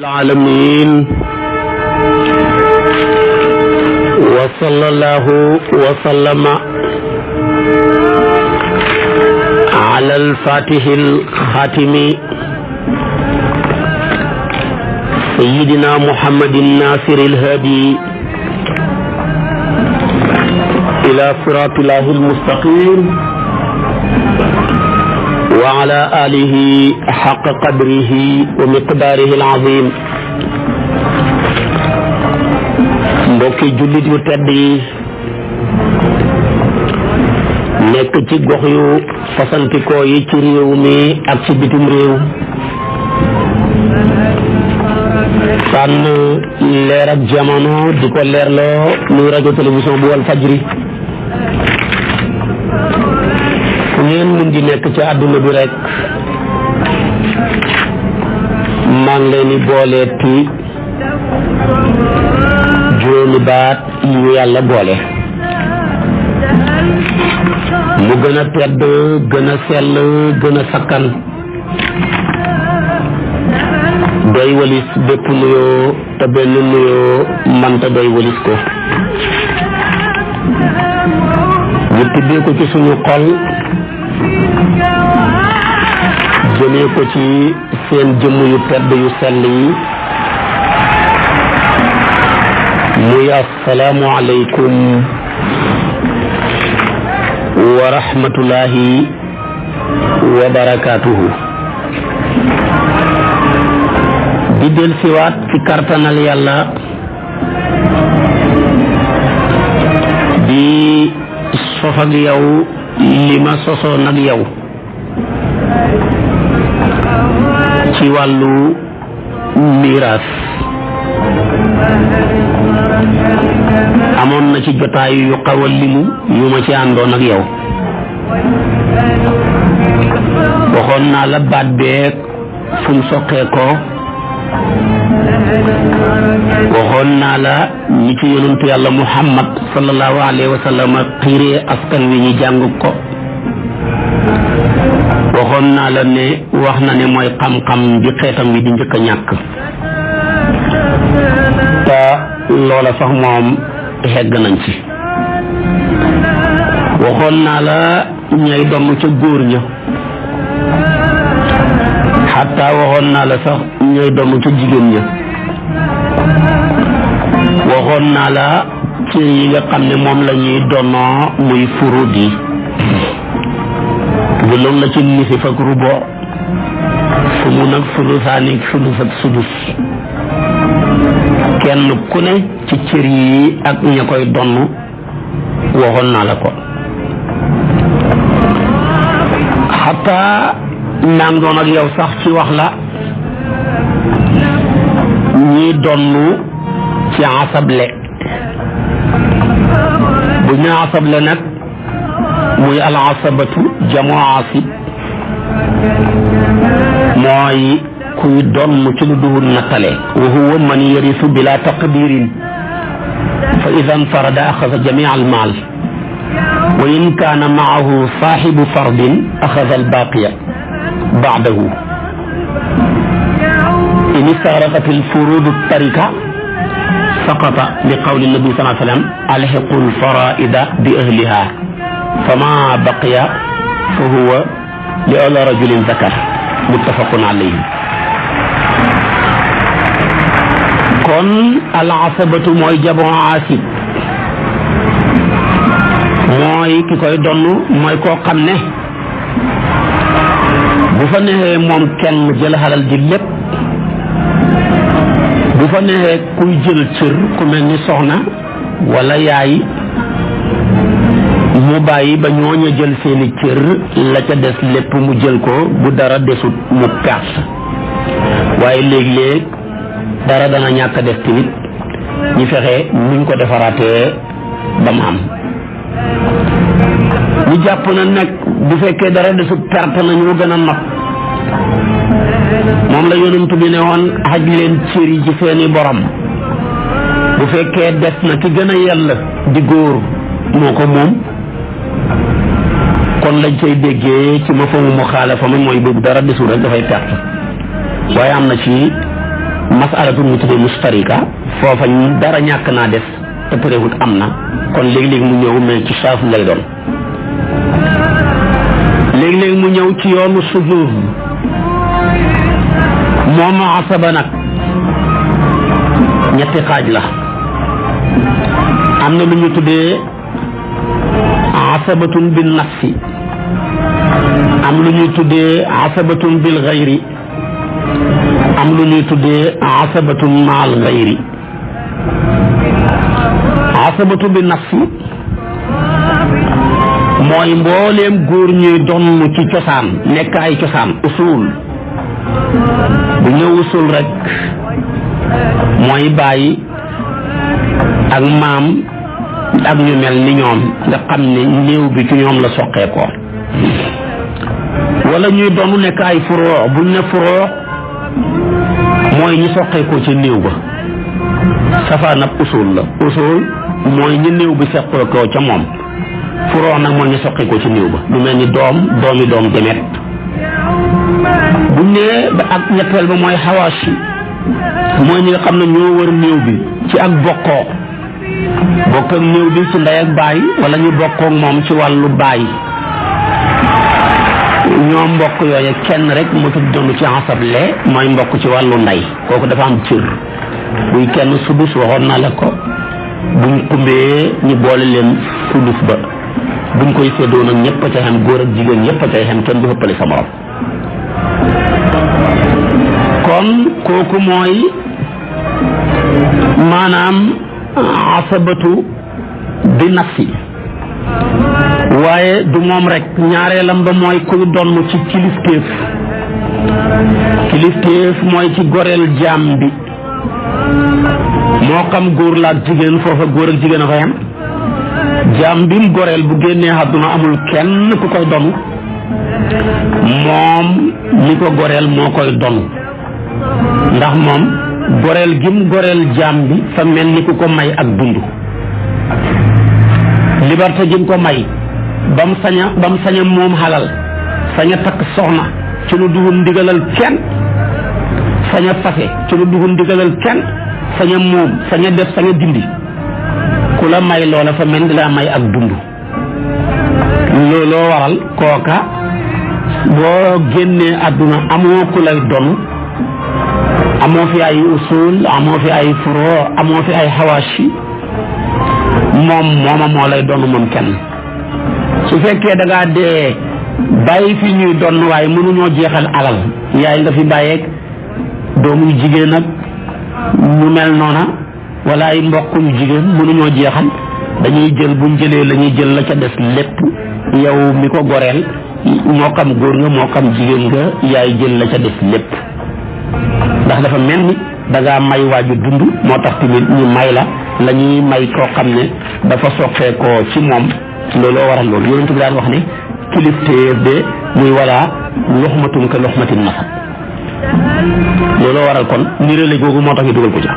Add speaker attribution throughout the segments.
Speaker 1: العالمين وصلى الله وسلم على الفاتح الخاتم سيدنا محمد الناصر الهادي إلى صراط الله المستقيم وعلى آله حق قدره ومقداره العظيم mbokki jullit yu tedd yi nekk ci gox yu fasantikoo yi ak ci bitim réew tànn leer ak jamono di ko leerloo muy rajo télévision bu Walfadjri ngeen mun di nekk ci àdduna bi rek maa ngi leen di booleeti juróomi baat yi ñu yàlla boole mu gën a tedd gën a sell gën a sakkan doy walis bépp nuyoo te benn nuyoo manta doy walis ko ñu tibbee ko ci suñu xol jëlee ko ci seen jëmm yu tedd yu sell yi muy assalaamu aleykum wa rahmatullahi wa barakaatuhu di del siwaat ci kartanal yàlla di sof ak yow li ma sosoon ak ci wàllu miiraas amoon na ci jotaay yu xaw a limu yu ma ci àndoon ak yow waxoon naa la baat beeg fu mu soqee ko waxoon naa la ñi ci yonantu yàlla muhammad sallallahu alayhi wa wi ñu jàng ko waxoon naa la ne wax na ne mooy xam-xam bi xeetam wi di njëkk ñàkk te loola sax moom xegg nañ ci waxoon naa la ñay doon ca góor ña xataa waxoon naa la sax ñuy doon ca jigéen ña waxoon naa la ci yi nga xam ne moom lañuy ñuy muy furud yi bu loolu la ci nisif ak rubo su mu nag sudusaanik sudus sudus kenn ku ne ci yi ak ña koy donn waxoon naa la ko xataa naam doon ak sax ci wax la ñi donn ci asable bu ñu asable nag muy alasabatu jamoo asib mooy kuy donn ci lu duhun nattale wa huwa man yarisu bila taqdirin fa ida nfarada axasa jamia almaal wa in kaana maahu saaxibu fardin axasa albaaqiya baadahu in istaraqat alfurudu tarika saqata li qawli nabi sallallahu alayhi wa sallam alxiqu alfaraida bi ahliha fama baqiya fa huwa li ala rajulin zakar muttafaqun alayhi kon al asabatu mooy jabon asib mooy ki koy donn mooy koo xam ne bu fa neexee moom kenn jël xalal ji lépp bu fa neexee kuy jël cër ku mel ni soxna wala yaay mu bàyyi ba ñooñu jël seeni cër la ca des lépp mu jël ko bu dara desut mu perte waaye léeg-léeg dara dana ñàkk def tamit ñu fexe muñ ko defaraatee ba mu am ñu jàpp na nag bu fekkee dara desut perte na ñu gën a not moom la yonent bi ne woon xaj leen cër yi ci seeni borom bu fekkee des na ki gën a yell di góor moo ko moom kon lañ cay déggee ci ma famu mu xaalafa ma mooy boobu dara desul rek dafay perte waaye am na ci masalatu mu tuddee mustarika foofa dara ñàkk naa des te përéewut am na kon léegi-léegi mu ñëw mais ci saafu lay doon léegi-léegi mu ñëw ci yoonu sujuud moom asaba nag ñetti xaaj la am na lu ñu tuddee asabatun am lu ñuy tuddee asabatun bil xayri am lu ñuy tuddee asabatun maal xayri asabatu bi nafsi mooy mbooleem góor ñuy donn ci cosaan nekk ay cosaan usul bu ñëw usul rek mooy bàyyi ak maam ak ñu mel ni ñoom nga xam ne néew bi ci ñoom la soqee ko wala ñuy doonu nekk ay furoo buñ ne furoo mooy ñu soqee ci néew ba safaan ab la usul néew bi soqee ko ca moom furoo nag mooy ñu soqee ko ci néew ba lu mel ni doom doomi doom demet buñ ne ba ak ñetteel ba mooy xawaas yi mooy ñi xam ne ñoo wër néew bi ci ak bokkoo bokk ak néew bi ndey ak baay wala ñu bokkook moom ci wallu baay ñoo mbokk yooye kenn rek mu tudd ci asable mooy mbokk ci wàllu ndey kooku dafa am cër buy kenn sudus waxoon naa la ko buñ kumbee ñu boole leen sudus ba buñ koy séddoo nag ñëpp a ca xam góor ak jigéen ñëpp a ca xam kenn du ëppale sa morom kon kooku mooy maanaam asabatu bi nafsi waaye du moom rekk ñaareelam ba mooy kuy donn ci kilifteef kilifteef mooy ci goreel jaam bi moo xam góor la ak jigéen foofa góor ak jigéen a fa am jaam bi mu goreel bu génnee àdduna amul kenn ku koy donn moom mi ko goreel moo koy donn ndax moom goreel gim goreel jaam bi fa mel ni ku ko may ak dund liberté gim ko may ba mu saña ba mu saña moom xalal saña takk soxna ci lu dugul ndigalal kenn saña fase ci lu dugul ndigalal kenn saña moom saña def saña dindi ku la may loola fa mel ni laa may ak dund looloo waral kooka boo génnee àdduna amoo ku lay don amoo fi ay usul amoo fi ay furo amoo fi ay xawaashi moom mooma moo lay donn moom kenn su fekkee da ngaa dee bàyyi fi ñuy donn waaye mënuñoo jeexal alal yaay nga fi bàyyeeg doomu jigéen ak mu mel noona walla ay mbokk jigéen mënuñoo jeexal dañuy jël buñ jëlee la ñuy jël la ca des lépp yow mi ko goreel moo xam góor nga moo xam jigéen nga yaay jël la ca des lépp ndax dafa mel ni danga ngaa may waaju dund moo tax tamit ñu may la la ñuy may koo xam ne dafa soqeekoo ci moom looloo waral loolu yonent bi daan wax ne kilifteef de muy wala loxmatum ka loxmatin nasab looloo waral kon nirale googu moo tax ñu dugal ko ca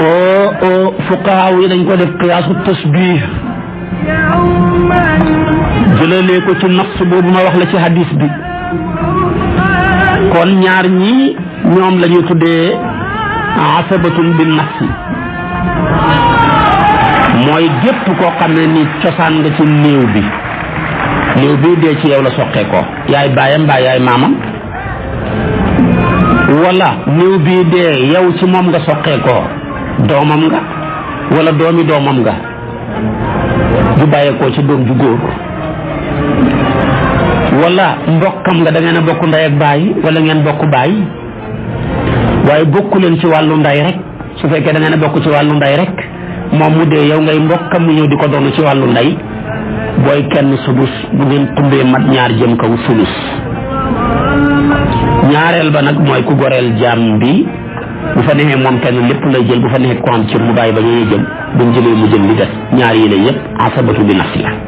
Speaker 1: oo oh, oh, fuqahaa yi dañ ko def qiyaasu tasbih jëlalee ko ci nafs boobu ma wax la ci hadis bi kon ñaar ñi ñoom la ñu tuddee asabatun bin nafsi mooy gépp koo xam ne ni cosaan nga ci néew bi néew bi dee ci yow la soqee ko yaay baayam mbaa yaay maamam wala néew bii dee yow ci moom nga soqee ko doomam nga wala doomi doomam nga bu bàyyeekoo ci doom ju góor wala mbokkam nga da ngeen bokk ndey ak baay wala ngeen bokk baay waaye bokk leen ci wàllu nday rek su fekkee da ngeen a bokk ci wàllu nday rek moom mu dee yow ngay mbokkam mu ñëw di ko doon ci wàllu nday booy kenn sudus bu ngeen tumbee mat ñaar jëm kaw sulus ñaareel ba nag mooy ku goreel jaam bi bu fa neexee moom kenn lépp lay jël bu fa neexee ko am cër mu bàyyi ba ñuy jëm buñ jëlee mu jël li des ñaar yi la yëpp asabatu bi nafsi la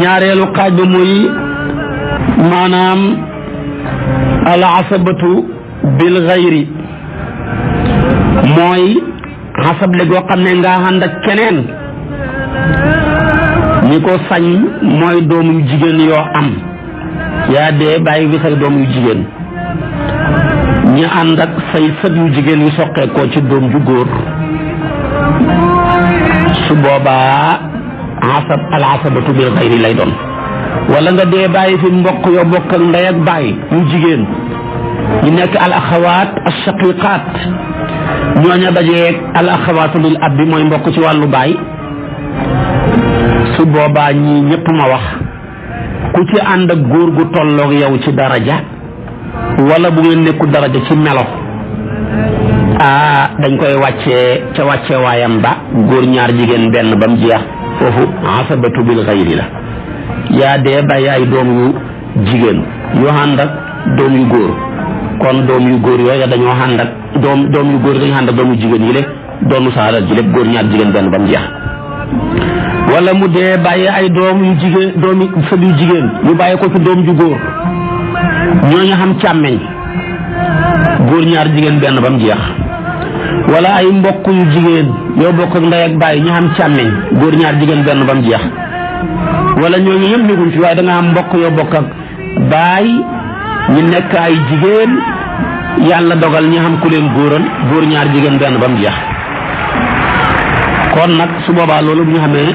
Speaker 1: ñaareelu xaaj ba muy maanaam al asabatu bil xayri mooy xasable goo xam ne nga ànd ak keneen ñi ko sañ mooy doom yu jigéen yoo am yaa dee bàyyi wi say doom yu jigéen ñi ànd ak say sët yu jigéen yu soqee ko ci doom ju góor su boobaa asab al asabatu bil xayri lay doon wala nga dee bàyyi fi mbokk yoo bokkal ndey ak bàyyi ñu jigéen ñu nekk al axawaat al shaqiqaat ñooña dajeeg al axawaatu lil ab bi mooy mbokk ci wàllu baay su boobaa ñii ñëpp ma wax ku ci ànd ak góor gu tolloog yow ci daraja wala bu ngeen nekku daraja ci melo ah dañ koy wàccee ca wàcce waayam ba góor ñaar jigéen benn ba mu jeex foofu asabatu bil xayri la yaa dee bàyyi ay doom yu jigéen yu ànd doom yu góor kon doom yu góor yooyu dañoo ànd ak doom doom yu góor dañoo ànd ak doom jigéen yi le doonu sa alal ji lépp góor ñaar jigéen benn ba mu jeex wala mu dee bàyyi ay doom yu jigéen doom yu sët yu jigéen ñu bàyyi ko ci doom ju góor ñooñu xam càmmeñ góor ñaar jigéen benn ba mu jeex wala ay mbokk yu jigéen yoo bokk ak ndey ak bàyyi ñu xam càmmiñ góor ñaar jigéen benn ba mu jeex wala ñooñu yëpp nekkuñ fi waaye da am mbokk yoo bokk ak bàyyi ñu nekk ay jigéen yàlla dogal ñi xam ku leen góoral góor ñaar jigéen benn ba mu jeex kon nag su boobaa loolu bu ñu xamee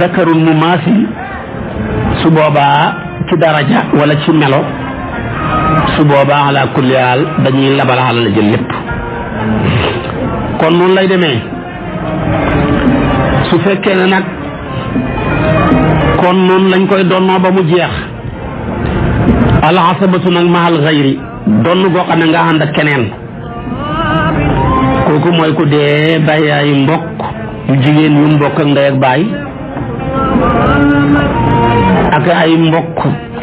Speaker 1: zakarul mu maasi su boobaa ci daraja wala ci melo su boobaa ala kulli dañuy labal alal jël lépp kon noonu lay demee su fekkee ne nag kon noonu lañ koy donnoo ba mu jeex alxasabatu nag mahal xayri donn goo xam ne nga ànd ak keneen kooku mooy ku dee bàyyaay mbokk yu jigéen yu mbokk ak ndey ak baay ak ay mbokk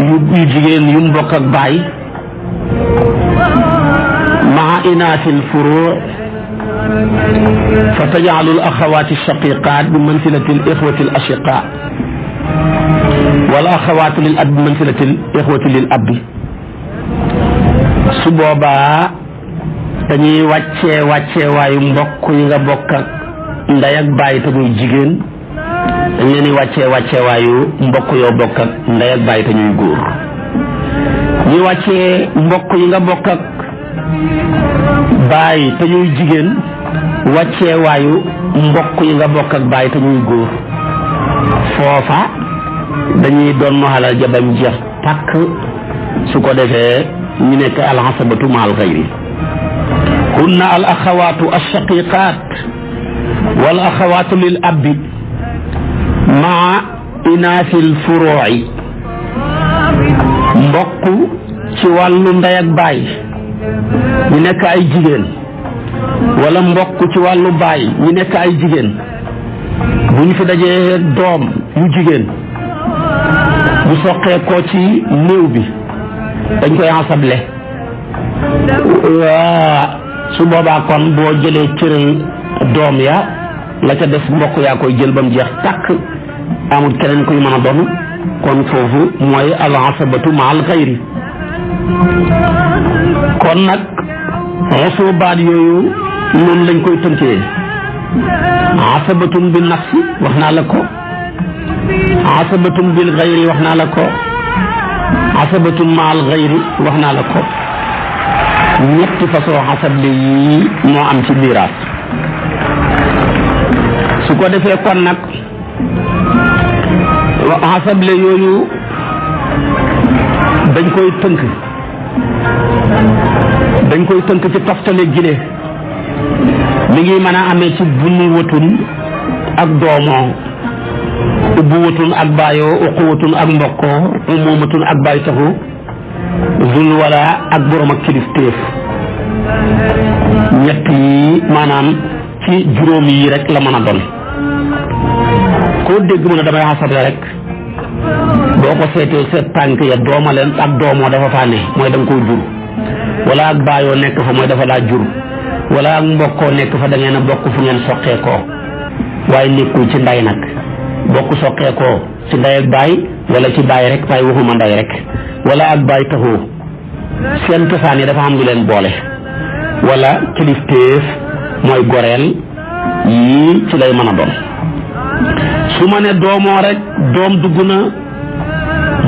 Speaker 1: yu jigéen yu mbokk ak baay muqinaati alfuruu fa tajcalu alaxawaati alshaqiqaat bi mansilati alixwati alashiqaa wal axawaatu lil ab bi mansilati alixwati lil abbi su boobaa dañuy wàccee wàccee waayu mbokk yi nga bokk ak ndey bàyyi te jigéen dañ leen di wàccee wàccee waayu mbokk yoo bokk ak ndey ak bàyyi te góor ñuy wàccee mbokk yi nga bokk baay te ñuy jigéen wàcceewaayu mbokk yi nga bokk ak baay te ñuy góor foofa dañuy doon mu xalal jabam jeex tàkk su ko defee ñu nekk alxasabatu maal xayri hunna al axawaatu alshaqiqaat wal axawaatu lil abbi maa inaasil furuuci mbokk ci wàllu ndey ak baay ñu nekk ay jigéen walla mbokk ci wàllu baay ñu nekk ay jigéen bu ñu fi dajee doom yu jigéen bu soqee ko ci néew bi dañ koy asable su boobaa kon boo jëlee cëral doom ya la ca def mbokk yaa koy jël ba mu jeex tàkk amul keneen kuy mën a doon kon foofu mooy al asabatu ma al xayri kon nag musubaat yooyu noonu lañ koy tënkee asabatun bil nafsi wax naa la ko asabatun bil xayri wax naa la ko asabatun maal xayri wax naa la ko ñetti façon xasab yi moo am ci miraas su ko defee kon nag xasable yooyu dañ koy tënk dañ koy tënk ci toftale gile mi ngi man a amee ci bunu wëtun ak doomoo ubbu wëtun ak baayoo uqu wëtun ak mbokkoo umoomatun ak baay taxu zul wala ak borom ak kilifteef ñett yi maanaam ci juróom yi rek la mën a doon koo dégg mu ne damay xasab rek boo ko seetee seet tànk ya dooma leen ak doomoo dafa faa ne mooy da nga koo jur wala ak baayoo nekk fa mooy dafa laa jur wala ak mbokkoo nekk fa dangeen a bokk fu ngeen soqee koo waaye nekkul ci ndey nag bokk soqee koo ci nday ak baay wala ci baay rek waaye waxuma nday rek wala ak baay taxoo seen cosaan yi dafa am lu leen boole wala kilifteef mooy goreel yii ci lay mën a doon su ma ne doomoo rek doom dugg na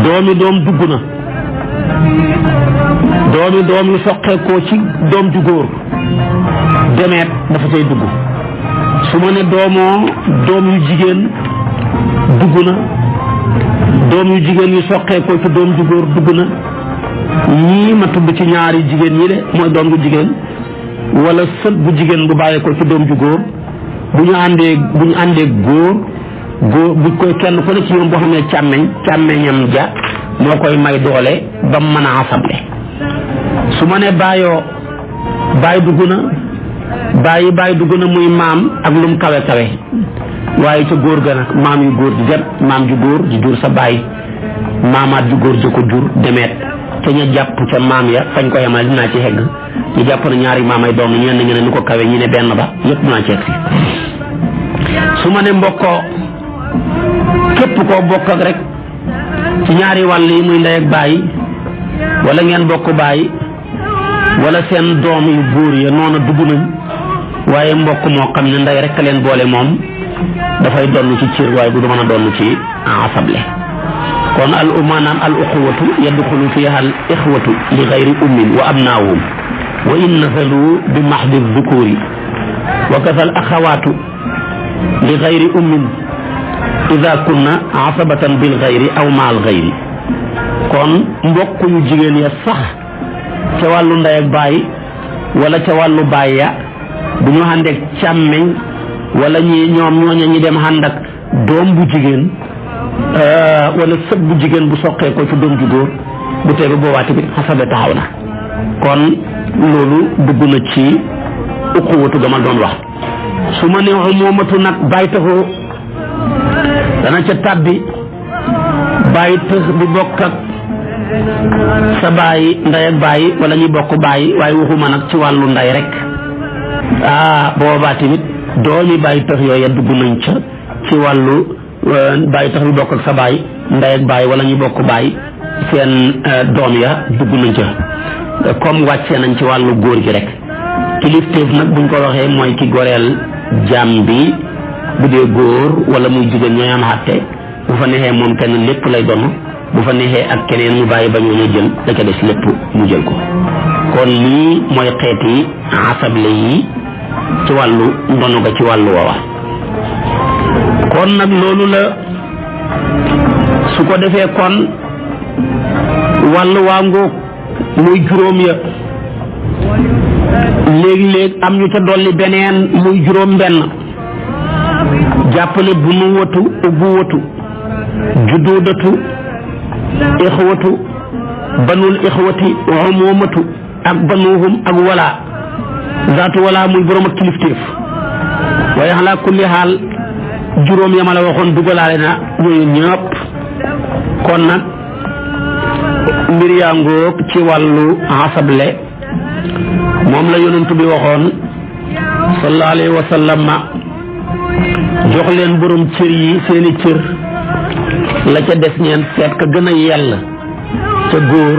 Speaker 1: doomi doom dugg na doomi doom yu soqeekoo ci doom ju góor demeet dafa cay dugg su ma ne doomoo doom yu jigéen dugg na doom yu jigéen yu soqeekoo ci doom ju góor dugg na ñii ma tudd ci ñaari jigéen ñi de mooy doom bu jigéen wala sët bu jigéen bu bàyyeekoo ci doom ju góor bu ñu àndee bu ñu àndee góor bu bu koy kenn ku ne ci ñoom boo xam ne càmmeñ càmmeñam ja moo koy may doole ba mu mën a asable su ma ne bàyyoo bàyyi dugg na bàyyi bàyyi dugg na muy maam ak lum kawe kawe waaye ca góor ga nag maam yu góor di dem maam ju góor di jur sa bàyyi maamaat ju góor ja ko jur demeet te ña jàpp ca maam ya fañ ko yemale dinaa ci hegg ñu jàpp na ñaari maamay doom ñeen ñi ne ñu ko kawe ñu ne benn ba yëpp dinaa ci hegg su ma ne mbokkoo képp koo bokk ak rek ci ñaari wàll yi muy ndey ak bàyyi wala ngeen bokk bàyyi wala seen doom yu buur ya noona dugg nañ waaye mbokk moo xam ne ndey rek leen boole moom dafay donn ci cër waaye du mën a donn ci asable kon al maanaam al uxuwatu lu fiha al ixwatu li gayri ummin wa abnaawum wa in nasalu bi maxdi dukuri wa kasa al axawaatu li gayri ummin ida kunna asabatan bil xayri aw maal xayri kon mbokk yu jigéen ya sax ca wàllu ndey ak baay wala ca wàllu baay ya bu ñu àndeek càmmeñ wala ñi ñoom ñooña ñi dem ànd doom bu jigéen eh, walla sët bu jigéen bu soqee ko ci doom ju góor bu tee ba boobaa tamit taxaw na kon loolu bugg na ci uquwatu gamal doon wax su ma nee xumumatu nag bàyyi taxoo dana ca tàbbi bàyyi tëx bu bokk ak sa bàyyi ndey ak bàyyi wala ñuy bokk bàyyi waaye waxuma nag ci wàllu ndey rek ah boobaa tamit yi bàyyi tëx yooya dugg nañ ca ci wàllu euh, bàyyi tax bu bokk ak sa bàyyi ndey ak bàyyi wala ñuy bokk bàyyi seen euh, doom ya dugg nañ ca comme wàccee nañ ci wàllu góor gi rek kilifteef nag buñ ko waxee mooy ki goreel jaam bi bu dee góor wala muy jigéen ñooy am àtte bu fa neexee moom kenn lépp lay doon bu fa neexee ak keneen mu bàyyi ba ñu ne jël da ca des lépp mu jël ko kon lii mooy xeeti asable yi ci wàllu ndono ga ci wàllu nag loolu la su ko defee kon wàllu waa ngoog muy juróom ya léeg-léeg am ñu ca dolli beneen muy juróom benn jàppale bu nu watu ubbu watu juddudatu ixwatu banul ixwati umumatu ak banuhum ak wala zaatu wala muy borom ak kilifteef waaye xalaa kulli xaal juróom yama la waxoon dugalaale na yooyu ñëpp kon nag mbir yaa ngoog ci wàllu xasable moom la yonent bi waxoon sallallahu alayhi jox leen borom cër yi seeni cër la ca des ngeen seet ka gën a yell ca góor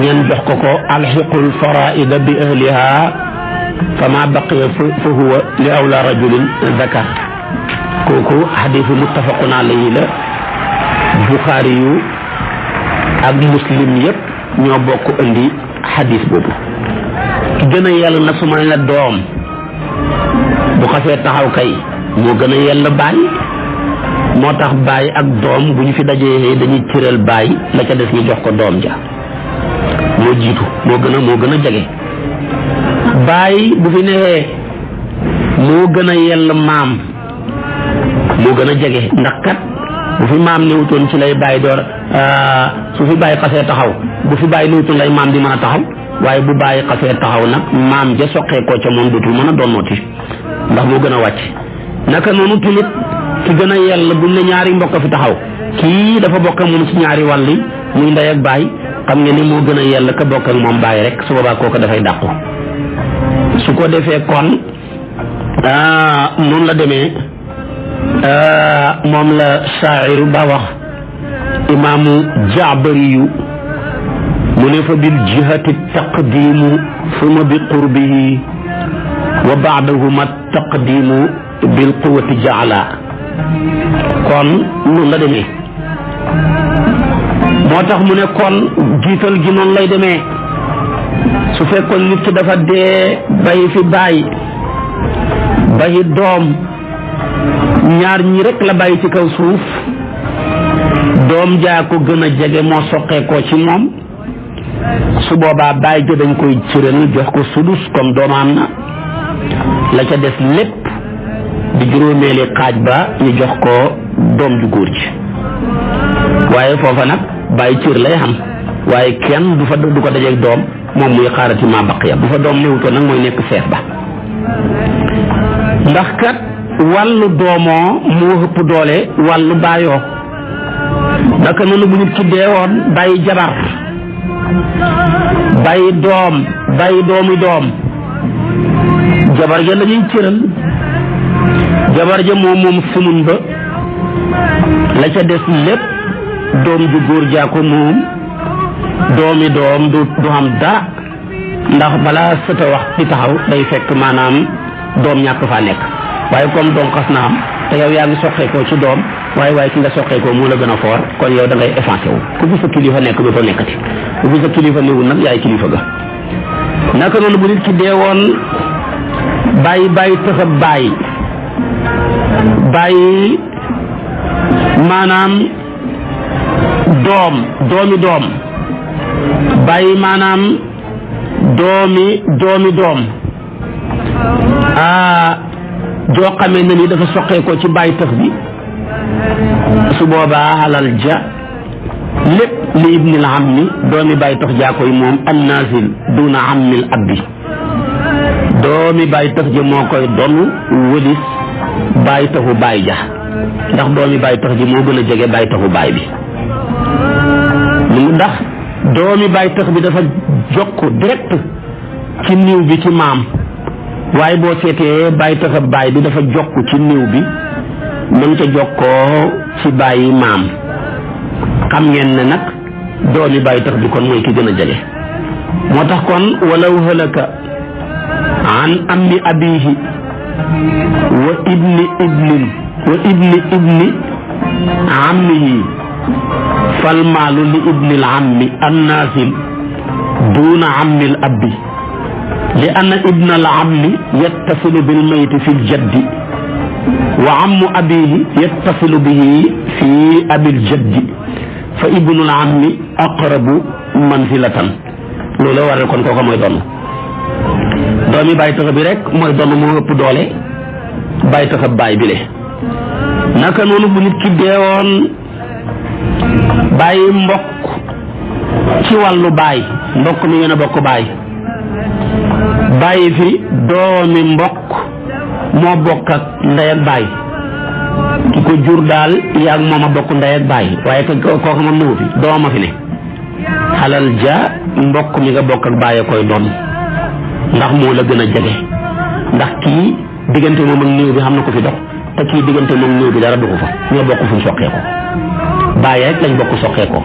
Speaker 1: ngeen jox ko ko alxiqul faraida bi ahliha fa ma baqiya fa huwa li awla rajulin zakar kooku xadiisu muttafaqun alayhi la buxaari yu muslim yépp ñoo bokk indi xadiis boobu ki gën a yell na su doom bu xasee taxaw kay moo gën a yell baay moo tax baay ak doom bu ñu fi dajee dañuy cëral baay la ca des ñu jox ko doom ja moo jiitu moo gën a moo gën a jege baay bu fi newee moo gën a yell maam moo gën a jege ndax kat bu fi maam newutoon ci lay baay door su fi baay xasee taxaw bu fi baay newutoon lay maam di mën a taxaw waaye bu bàyyi xasee taxaw nag maam ja soqee koo ca moom dootul mën a doon donnooti ndax moo gën a wàcc naka noonu tamit ki gën a yell buñ ne ñaari mbokk fi taxaw kii dafa bokk moom ci ñaari wàll yi muy ndey ak baay xam nga ni moo gën a yell ka bokk ak moom bàyyi rek su boobaa kooku dafay dàqu su ko defee kon ah, noonu la demee ah, moom la shaa'iru ba wax imaamu jaabariyu mu ne fa bil jihati taqdimu suma bi qurbihi wa baadahuma taqdimu bil quwati jaala kon noonu la demee moo tax mu ne kon jiital gi noonu lay demee su fekkoon nit dafa dee bayi fi baay bayi doom ñaar ñi rek la bàyyi ci kaw suuf doom jaa ko gën a jege moo soqeekoo ci moom su boobaa baay jo dañ koy cëral jox ko sudus comme doomaam na la ca des lépp di juróomeeli xaaj ba ñu jox ko doom ju góor ji waaye foofa nag bàyyi cër lay xam waaye kenn du fa du ko dajeeg doom moom muy xaarati maa baq ya bu fa doom néewutoon nag mooy nekk seet ba ndax kat wàllu doomoo moo ëpp doole wàllu baayoo naka noonu bu ñu tuddee woon bàyyi jabar bàyyi doom bàyyi doomi doom jabar ja la ñuy cëral jabar ja moom moom sumun ba la ca des lépp doom ju góor jaa ko moom doomi doom du du dara ndax balaa sëta wax di taxaw day fekk maanaam doom ñàkk faa nekk waaye comme doom xas na am te yow yaa ngi soqeekoo ci doom waaye waaye ki nga soqeekoo mu la gën a foor kon yow da ngay effacé wu ku bu sa kilifa nekk dootoo nekkati ku bu sa kilifa néewul nag yaay kilifa ga naka noonu bu nit ki dee woon bàyyi bàyyi tëxab bàyyi bàyyi maanaam doom doomi doom bàyyi maanaam doomi doomi doom joo xamee na ni dafa soqee ko ci bàyyi tëx bi su boobaa alal ja lépp li ibnil am ni doomi bàyyi tëx jaa koy moom an nazil duna amnil abbi doomi bàyyi tëx ja moo koy donu wëlis bàyyi taxu bàyyi ja ndax doomi bàyyi tax ji moo gën a jege bàyyi taxu baay bi ndax doomi bàyyi tax bi dafa jokk direct ci niw bi ci maam waaye boo seetee bàyyi taxa baay bi dafa jokk ci néew bi mën ca jokkoo ci bàyyi maam xam ngeen ne nag doomi bàyyi tax bi kon mooy ki gën a jege moo tax kon walaw halaka an ammi abihi wa ibni ibnin wa ibni ibni falmaalu li ibni al ammi annaasil duuna ammil abbi li anna ibna al ammi yattasilu bil mayti fi l jaddi wa ammu abihi yattasilu bihi fi abil jaddi fa ibnul ammi aqrabu manzilatan looloo waral kon kooka mooy donn doomi bàyyi taxa bi rek mooy donn moo ëpp doole bàyyi taxa baay bi le naka noonu bu nit ki deewoon bàyyi mbokk ci wàllu baay mbokk mi ngeen a bokk baay bàyyi fi doomi mbokk moo bokk ak ndey ak baay ki ko jur daal yaa ak moom a bokk ndey ak baay waaye ko kooku moom newu fi doom a fi ne xalal ja mbokk mi nga bokk ak bàyyi koy doon ndax moo la gën a jege ndax kii diggante moom ak néew bi xam na ko fi dox te kii diggante moom néew bi dara du fa ñoo bokk fu ñu soqee ko bàyyi rek lañ bokk soqee ko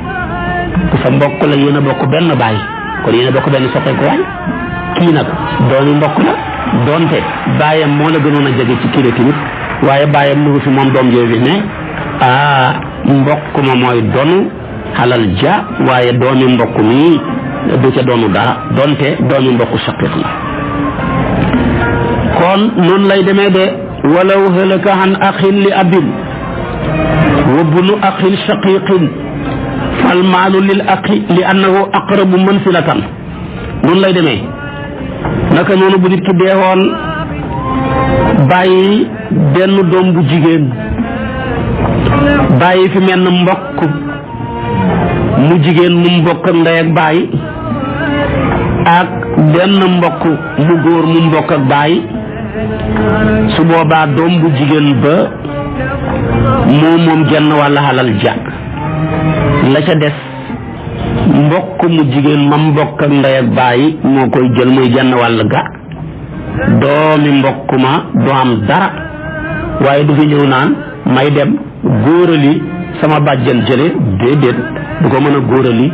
Speaker 1: sa mbokk lañ yéen a bokk benn bàyyi kon yéen a bokk benn soqee ko waay kii nag doomi mbokk la doonte bàyyam a jege ci waaye bàyyam mu doom yooyu fi ne ah waaye doomi mbokk mi du ca doonu dara doonte doomi mbokk shaqiq kon noonu lay demee de walaw halaka an axin li abin wa bunu axin shaqiqin fal lil aqi li annahu aqrabu mansilatan noonu lay demee naka noonu bu nit ki deewoon bàyyi benn doom bu jigéen bàyyi fi menn mbokk mu jigéen mu mbokk ak ndey ak baay ak benn mbokk mu góor mu mbokk ak baay su boobaa doom bu jigéen ba moo moom genn wàll alal ja la ca des mbokk mu jigéen ma mbokk ak ndey ak bàyyi moo koy jël muy genn wàll ga doomi mbokk ma du am dara waaye du fi ñëw naan may dem góorali sama bàjjan jële déedéet du ko mën a góorali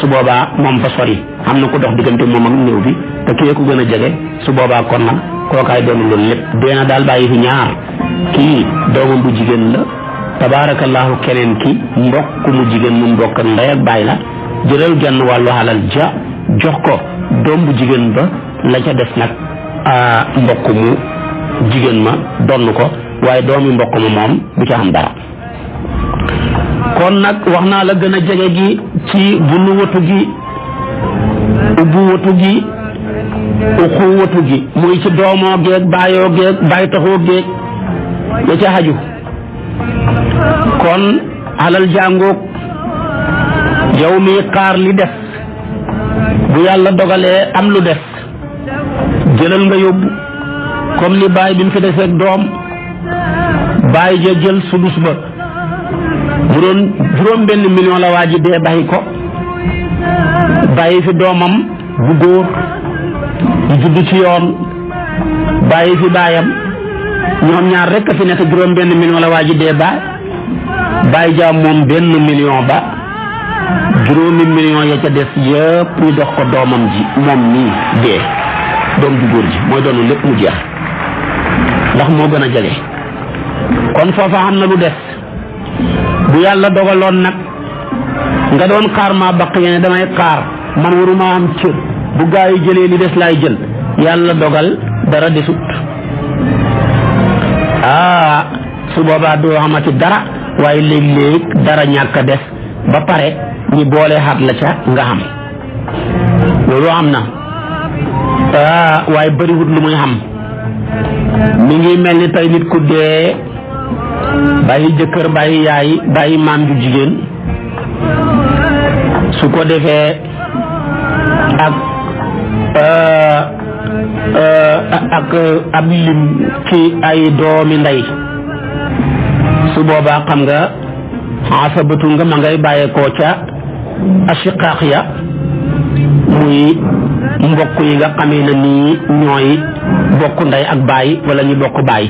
Speaker 1: su boobaa moom fa sori am na ko dox diggante moom ak néew bi te kii ko gën a jege su boobaa kon nag kookaay doon loolu lépp dee na daal bàyyi fi ñaar kii doomam bu jigéen la tabaarakallaahu keneen ki mbokk mu jigéen mu mbokk ndey ak bàyyi la jëlal genn wàllu alal ja jox ko doom bu jigéen ba la ca def nag mbokk mu jigéen ma donn ko waaye doomi mbokk ma moom bu ca am dara kon nag wax naa la gën a jege gi ci bunu watu gi ubbu watu gi uxu watu gi muy ci doomoo geeg baayoo geeg baay taxoo geeg ya ca xaju kon alal jàngoog yow mi xaar li def bu yàlla dogalee am lu def jëlal nga yóbbu comme ni baay bi mu fi defee doom baay ja jël sudus ba bu doon juróom benn million la waa ji dee bàyyi ko bàyyi fi doomam bu góor juddu ci yoon bàyyi fi baayam ñoom ñaar rekk a fi nekk juróom benn million la waa ji dee baay baay ja moom benn million ba juróomi million ya ca des yëpp ñu dox ko doomam ji moom nii dee doom ju góor ji mooy doonu lépp mu jeex ndax moo gën a jege kon foofa am na lu des bu yàlla dogaloon nag nga doon xaar maa baq yene damay xaar man waruma am cër bu gaa yi jëlee li des laay jël yàlla dogal dara desut aa ah, su boobaa doo xamati dara waaye léeg-léeg dara ñàkk a des ba pare ñu boole xaat la ca nga xam loolu am na ah, waaye bëriwut lu muy xam mu ngi mel ni tey nit ku dee bàyyi jëkkër bàyyi yaay bàyyi maam ju jigéen su ko defee ak ah, ah, ab lim ci ay doomi ndey su boobaa xam nga asabatu nga ma ngay bàyyeekoo ca ashiqaax ya muy mbokk yi nga xamee na nii ñooy bokk ndey ak baay walla ñu bokk baay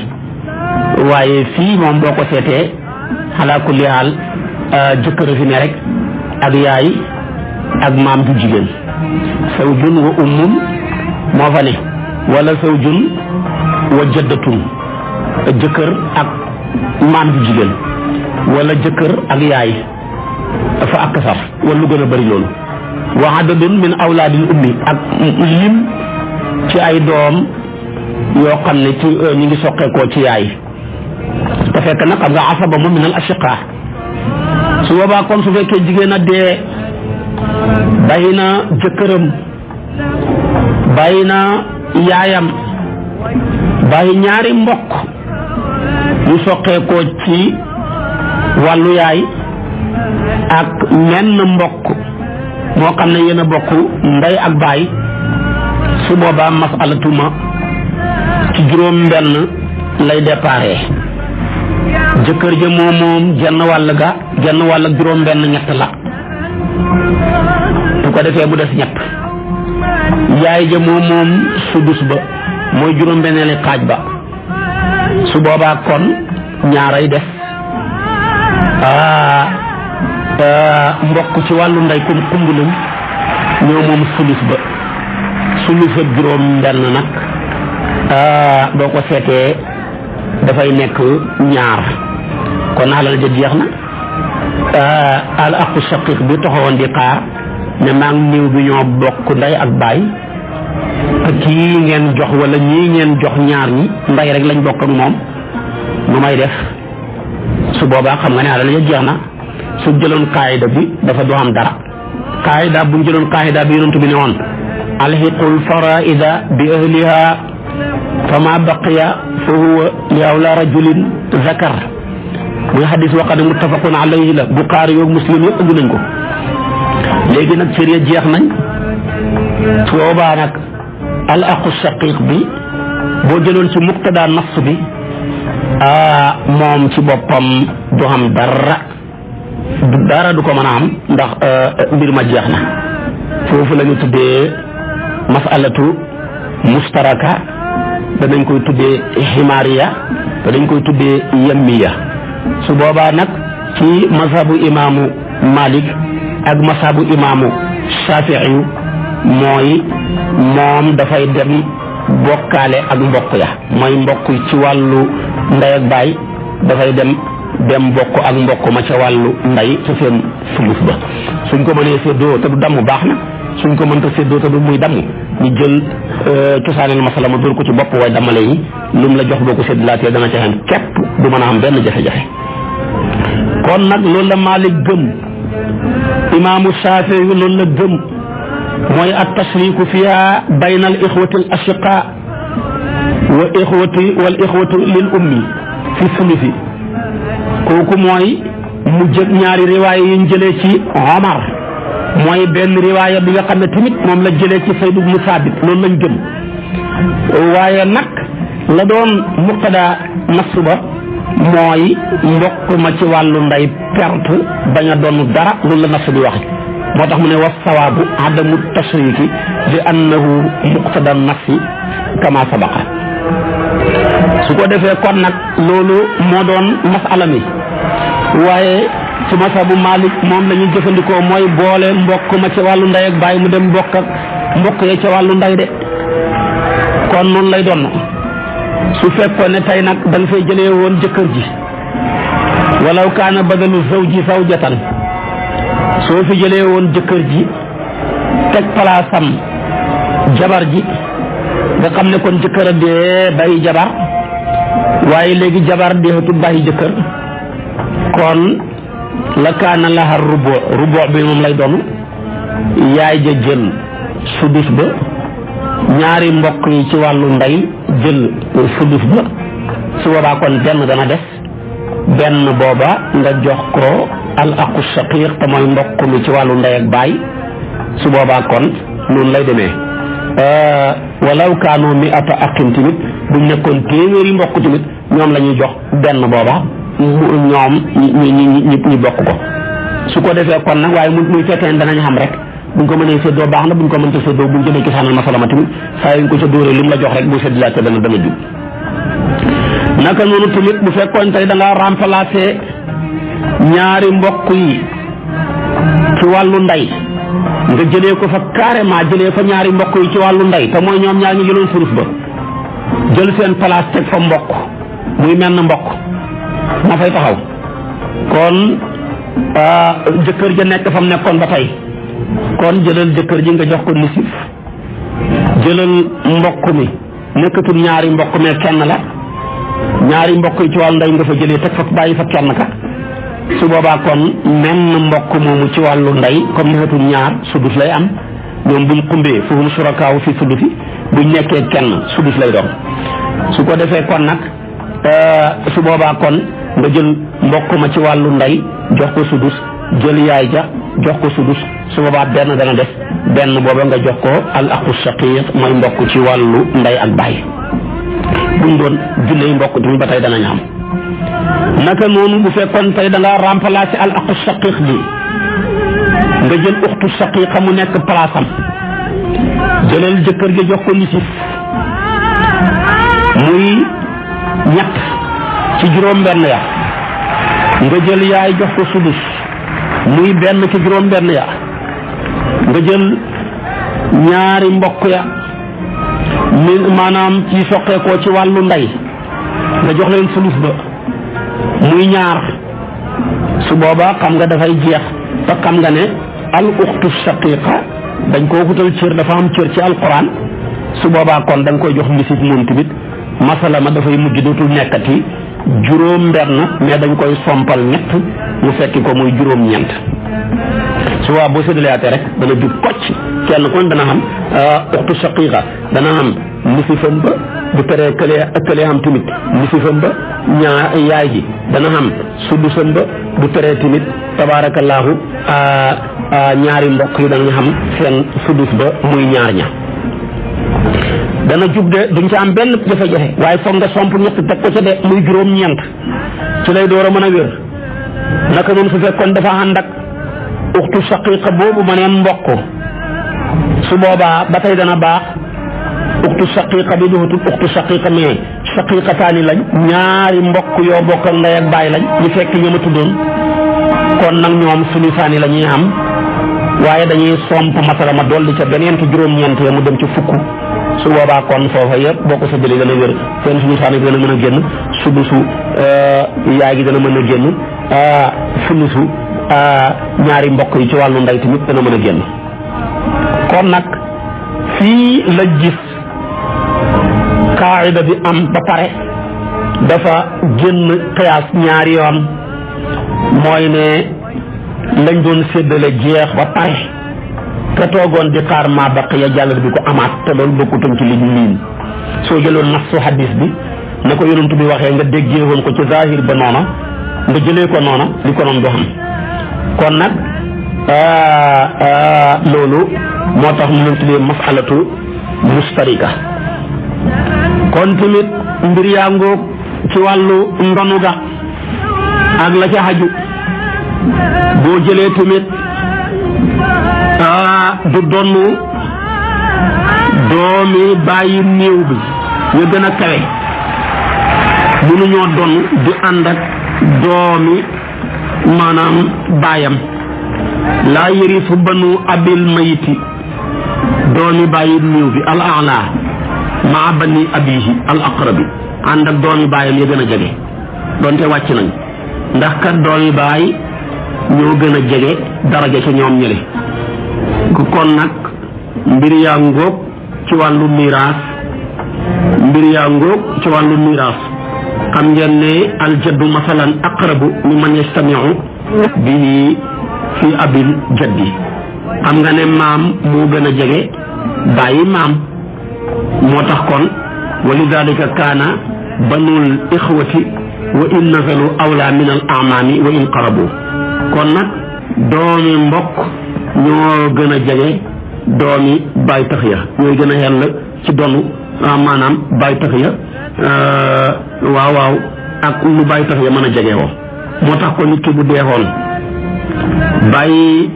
Speaker 1: waaye fii moom boo ko seetee ala kulli haal euh, jëkkër fi ne rek ak yaay ak maam du jigéen sawjun wa ummum moo fa ne wala sawjun wa jëddatun jëkkër ak maam du jigéen wala jëkkër ak yaay fa ak kasar wala lu gën a bari loolu wa adadun min awlaadil ummi ak lim ci ay doom yoo xam ne ci euh, ñu ngi soqeekoo ci yaay te fekk nag xam nga asaba moom min al ashiqa su boobaa kon su fekkee jigéen a dee bàyyi na jëkkëram bàyyi na yaayam bàyyi ñaari mbokk ñu soqeekoo ci wàllu yaay ak menn mbokk moo xam ne yéen a bokk ndey ak baay su boobaa masalatuma ci juróom benn lay déparé jëkkër ja moom moom genn wàll ga genn wàll ak juróom benn ñett la bu ko defee bu def ñett yaay ja moom moom sudus ba mooy juróom benneeli xaaj ba su boobaa kon ñaaray def Ah, ah, mbokk ci wàllu ndey kum kumb lañ ñoo moom sulus ba sulus ak juróom na nag ah, boo ko seetee dafay nekk ñaar kon alal ja jeex na al aqu shaqiq bi taxawoon di xaar ne maa ngi bi ñoo bokk ndey ak baay ak kii ngeen jox wala ñii ngeen jox ñaar ñi ndey rek lañ bokk moom nu may def su boobaa xam nga ne alal ya jeex na su jëloon kaayida bi dafa du am dara kaayida bu ñu jëloon kaayida bi yonent bi ne woon alxiqul faraida bi ahliha fama baqiya fa huwa li awla rajulin zakar muy xadis waqad muttafaqun alayhi la bukaari yoog muslim yëpp indi nañ ko léegi nag cër ya jeex nañ su boobaa nag al aqu shaqiq bi boo jëloon ci muqtada nas bi Ah, moom ci boppam du xam dara du ko mën a am ndax euh, mbir ma jeex na foofu la ñu tuddee masalatu mustaraka danañ koy tuddee ximaariya danañ koy tuddee yammiya su boobaa nag ci mazhabu imaamu Malik ak mazhabu imaamu Shafi'i mooy moom dafay dem bokkaale ak mbokk ya mooy mbokk ci wàllu ndey ak baay dafay dem dem mbokk ak mbokk ma ca wàllu ndey ca seen ba suñ ko mënee séddoo te du damm baax na suñ ko mënta séddoo ta du muy damm ñu jël euh, cosaaneel masala ma dóor ko ci bopp way damale yi lum la jox boo ko séddalaatee dana ca xam képp du mën a am benn jafe-jafe kon nag loolu la Maalik gëm imaamu Saafi loolu la gëm mooy at tashriku fiha bayna al al ashiqa wa ixwati wal ixwatu lil ummi fi sulusi kooku mooy mu jël ñaari riwaaya yi ñu jëlee ci Omar mooy benn riwaaya bi nga xam ne tamit moom la jële ci Sayd ibnu Saabit loolu lañ gëm waaye nag la doon muqada masuba mooy mbokk ma ci wàllu ndey perte bañ a doon dara loolu la nasu di wax moo tax mu ne wa sawaabu adamu tashriiki li annahu muqtada nafsi kama sabaqa su ko defee kon nag loolu moo doon masala mi waaye ci masabu Malik moom lañuy jëfandikoo mooy boole mbokk ma ca wàllu ndey ak bàyyi mu dem mbokk ak mbokk ya ca wàllu ndey de kon noonu lay doon su fekkoon ne tey nag da nga fay woon jëkkër ji walaw kaana badalu zawji zawjatan soo fi jëlee woon jëkkër ji teg palaasam jabar ji nga xam ne kon jëkkër a dee bàyyi jabar waaye léegi jabar deetul bàyyi jëkkër kon la kaana laha rubo rubo bi moom lay doon yaay ja jël sudus ba ñaari mbokk yi ci wàllu ndey jël sudus ba su boobaa kon benn dana des benn booba nga jox ko al aqu shaqiq te mooy mbokk mi ci wàllu ndey ak baay su boobaa kon noonu lay demee euh, walaw kaanu mi ata aqin tamit buñ nekkoon téeméeri mbokk tamit ñoom la ñuy jox benn booba ñoom ñi ñi ñi bokk ko su ko defee kon nag waaye mu muy fekkee ne danañ xam rek buñ ko mënee séddoo baax na buñ ko mënta séddoo buñ ko dëkki sànnal masalama tamit saa ko ca dóoree lu mu la jox rek bu séddilaate dana dana jub naka noonu tamit bu fekkoon tey da nga remplacé ñaari mbokk yi ci wàllu ndey nga jëlee ko fa carrément jëlee fa ñaari mbokk yi ci wàllu ndey te mooy ñoom ñaar ñu jëloon furus ba jël seen place teg fa mbokk muy mel na mbokk ma fay taxaw kon ah, jëkkër ja nekk fa nekkoon ba tey kon jëlal jëkkër ji nga jox ko nisif jëlal mbokk mi nekkatul ñaari mbokk mais kenn la ñaari mbokk yi ci wàllu ndey nga fa jëlee teg fa bàyyi fa kenn ka su boobaa kon menn mbokk moomu ci wàllu ndey comme nefatul ñaar sudus lay am ñoom buñ xumbee foofu surakaaw fi sulusi buñ nekkee kenn sudus lay doon su ko defee kon nag euh, su boobaa kon nga jël mbokk ma ci wàllu ndey jox ko sudus jël yaay ja jox ko sudus su boobaa benn dana def benn booba nga jox ko al aqu shaqiq mooy mbokk ci wàllu ndey ak baay buñ doon julley mbokk tamit ba tey danañ am naka noonu bu fekkoon tey da ngaa remplacé al aqu shaqiq bi nga jël uxtu shaqiqa mu nekk palaasam jëlal jëkkër ja jox ko nisif muy ñaq ci juróom-benn ya nga jël yaay jox ko sudus muy benn ci juróom-benn ya nga jël ñaari mbokk ya mi maanaam ci soqeekoo ci wàllu ndey nga jox leen sulus ba muy ñaar su boobaa xam nga dafay jeex te xam nga ne al uxtu shaqiqa dañ koo wutal cër dafa am cër ci alquran su boobaa kon da koy jox misit moom tamit masala dafay mujj dootul nekkati juróom benn mais dañ koy sompal ñett mu fekki ko muy juróom ñeent su boobaa boo séddaleyaatee rek dana jub kocc kenn kon dana xam uxtu euh, shaqiqa dana xam misifam ba bu teree këlee këlee am tamit misifam ba ñaa yaay ji dana xam suddu ba bu teree tamit tabaarakallaahu ñaari mbokk yi danañ xam seen suddus ba muy ñaar ña dana jub de duñ ca am benn jafe-jafe waaye foog nga somp ñett teg ko ca de muy juróom-ñeent ci lay door a mën a wér naka noonu su fekkoon dafa ànd ak uxtu shaqiqa boobu ma neen mbokk su boobaa ba tey dana baax uxtu saqiqa bi duhutul uxtu saqiqa mais saqiqataani lañ ñaari mbokk yoo bokkal ndey ak baay lañ ñu fekk ñoom a tuddoon kon nag ñoom sulisaani la ñuy am waaye dañuy somp masala ma dolli ca beneen ki juróom-ñeent ya mu dem ci fukk su boobaa kon foofa yëpp boo ko sa jëlee dana wér seen sulisaani bi dana mën a génn sudusu euh, yaay gi dana mën a génn euh, su euh, ñaari mbokk yi ci wàllu ndey tamit dana mën a génn kon nag fii la gis qaayida bi am ba pare dafa génn qiyaas ñaari yoon mooy ne lañ doon séddale jeex ba pare te toogoon di xaar maa ya jàllal bi ko amaat te loolu bokkutoon ci li ñu liin soo jëloon nasu hadis bi na ko yonent bi waxee nga déggee woon ko ci zahir ba noona nga jëlee ko noonu li ko noon du xam kon nag ah, ah, loolu moo tax mu leen tuddee masalatu mustarika kon tamit mbir yaa ci wàllu ndonu ga ak la ci xaju boo jëlee tamit ah, du donnu doomi bàyyi néew bi ñu gën a kawe mënuñoo donn di ànd ak doomi maanaam baayam laa yërifu banu abil mayiti doomi bàyyi néew bi al ala maa bani abihi al aqrabi ànd ak doomi baayam ya gën a jege donte wàcc nañ ndax kat doomi baay ñoo gën a jege daraja ca ñoom ñële kon nag mbir yaa ngóog ci wàllu miraas mbir yaa ngóog ci wàllu miraas xam ngeen ne aljaddu masalan aqrabu mi man yastamiu bihi fi abil jaddi xam nga ne maam moo gën a jege bàyyi maam moo tax kon wa lidalika kaana banul ixwati wa in nazalu awla min al amami wa in qarabu kon nag doomi mbokk ñoo gën a jege doomi bàyyi tax ya ñooy gën a yàlla ci donu ah, maanaam bàyyi tax ya euh, waaw waaw ak lu bàyyi tax ya mën a jege woo moo tax ko nit ki bu deexoon bàyyi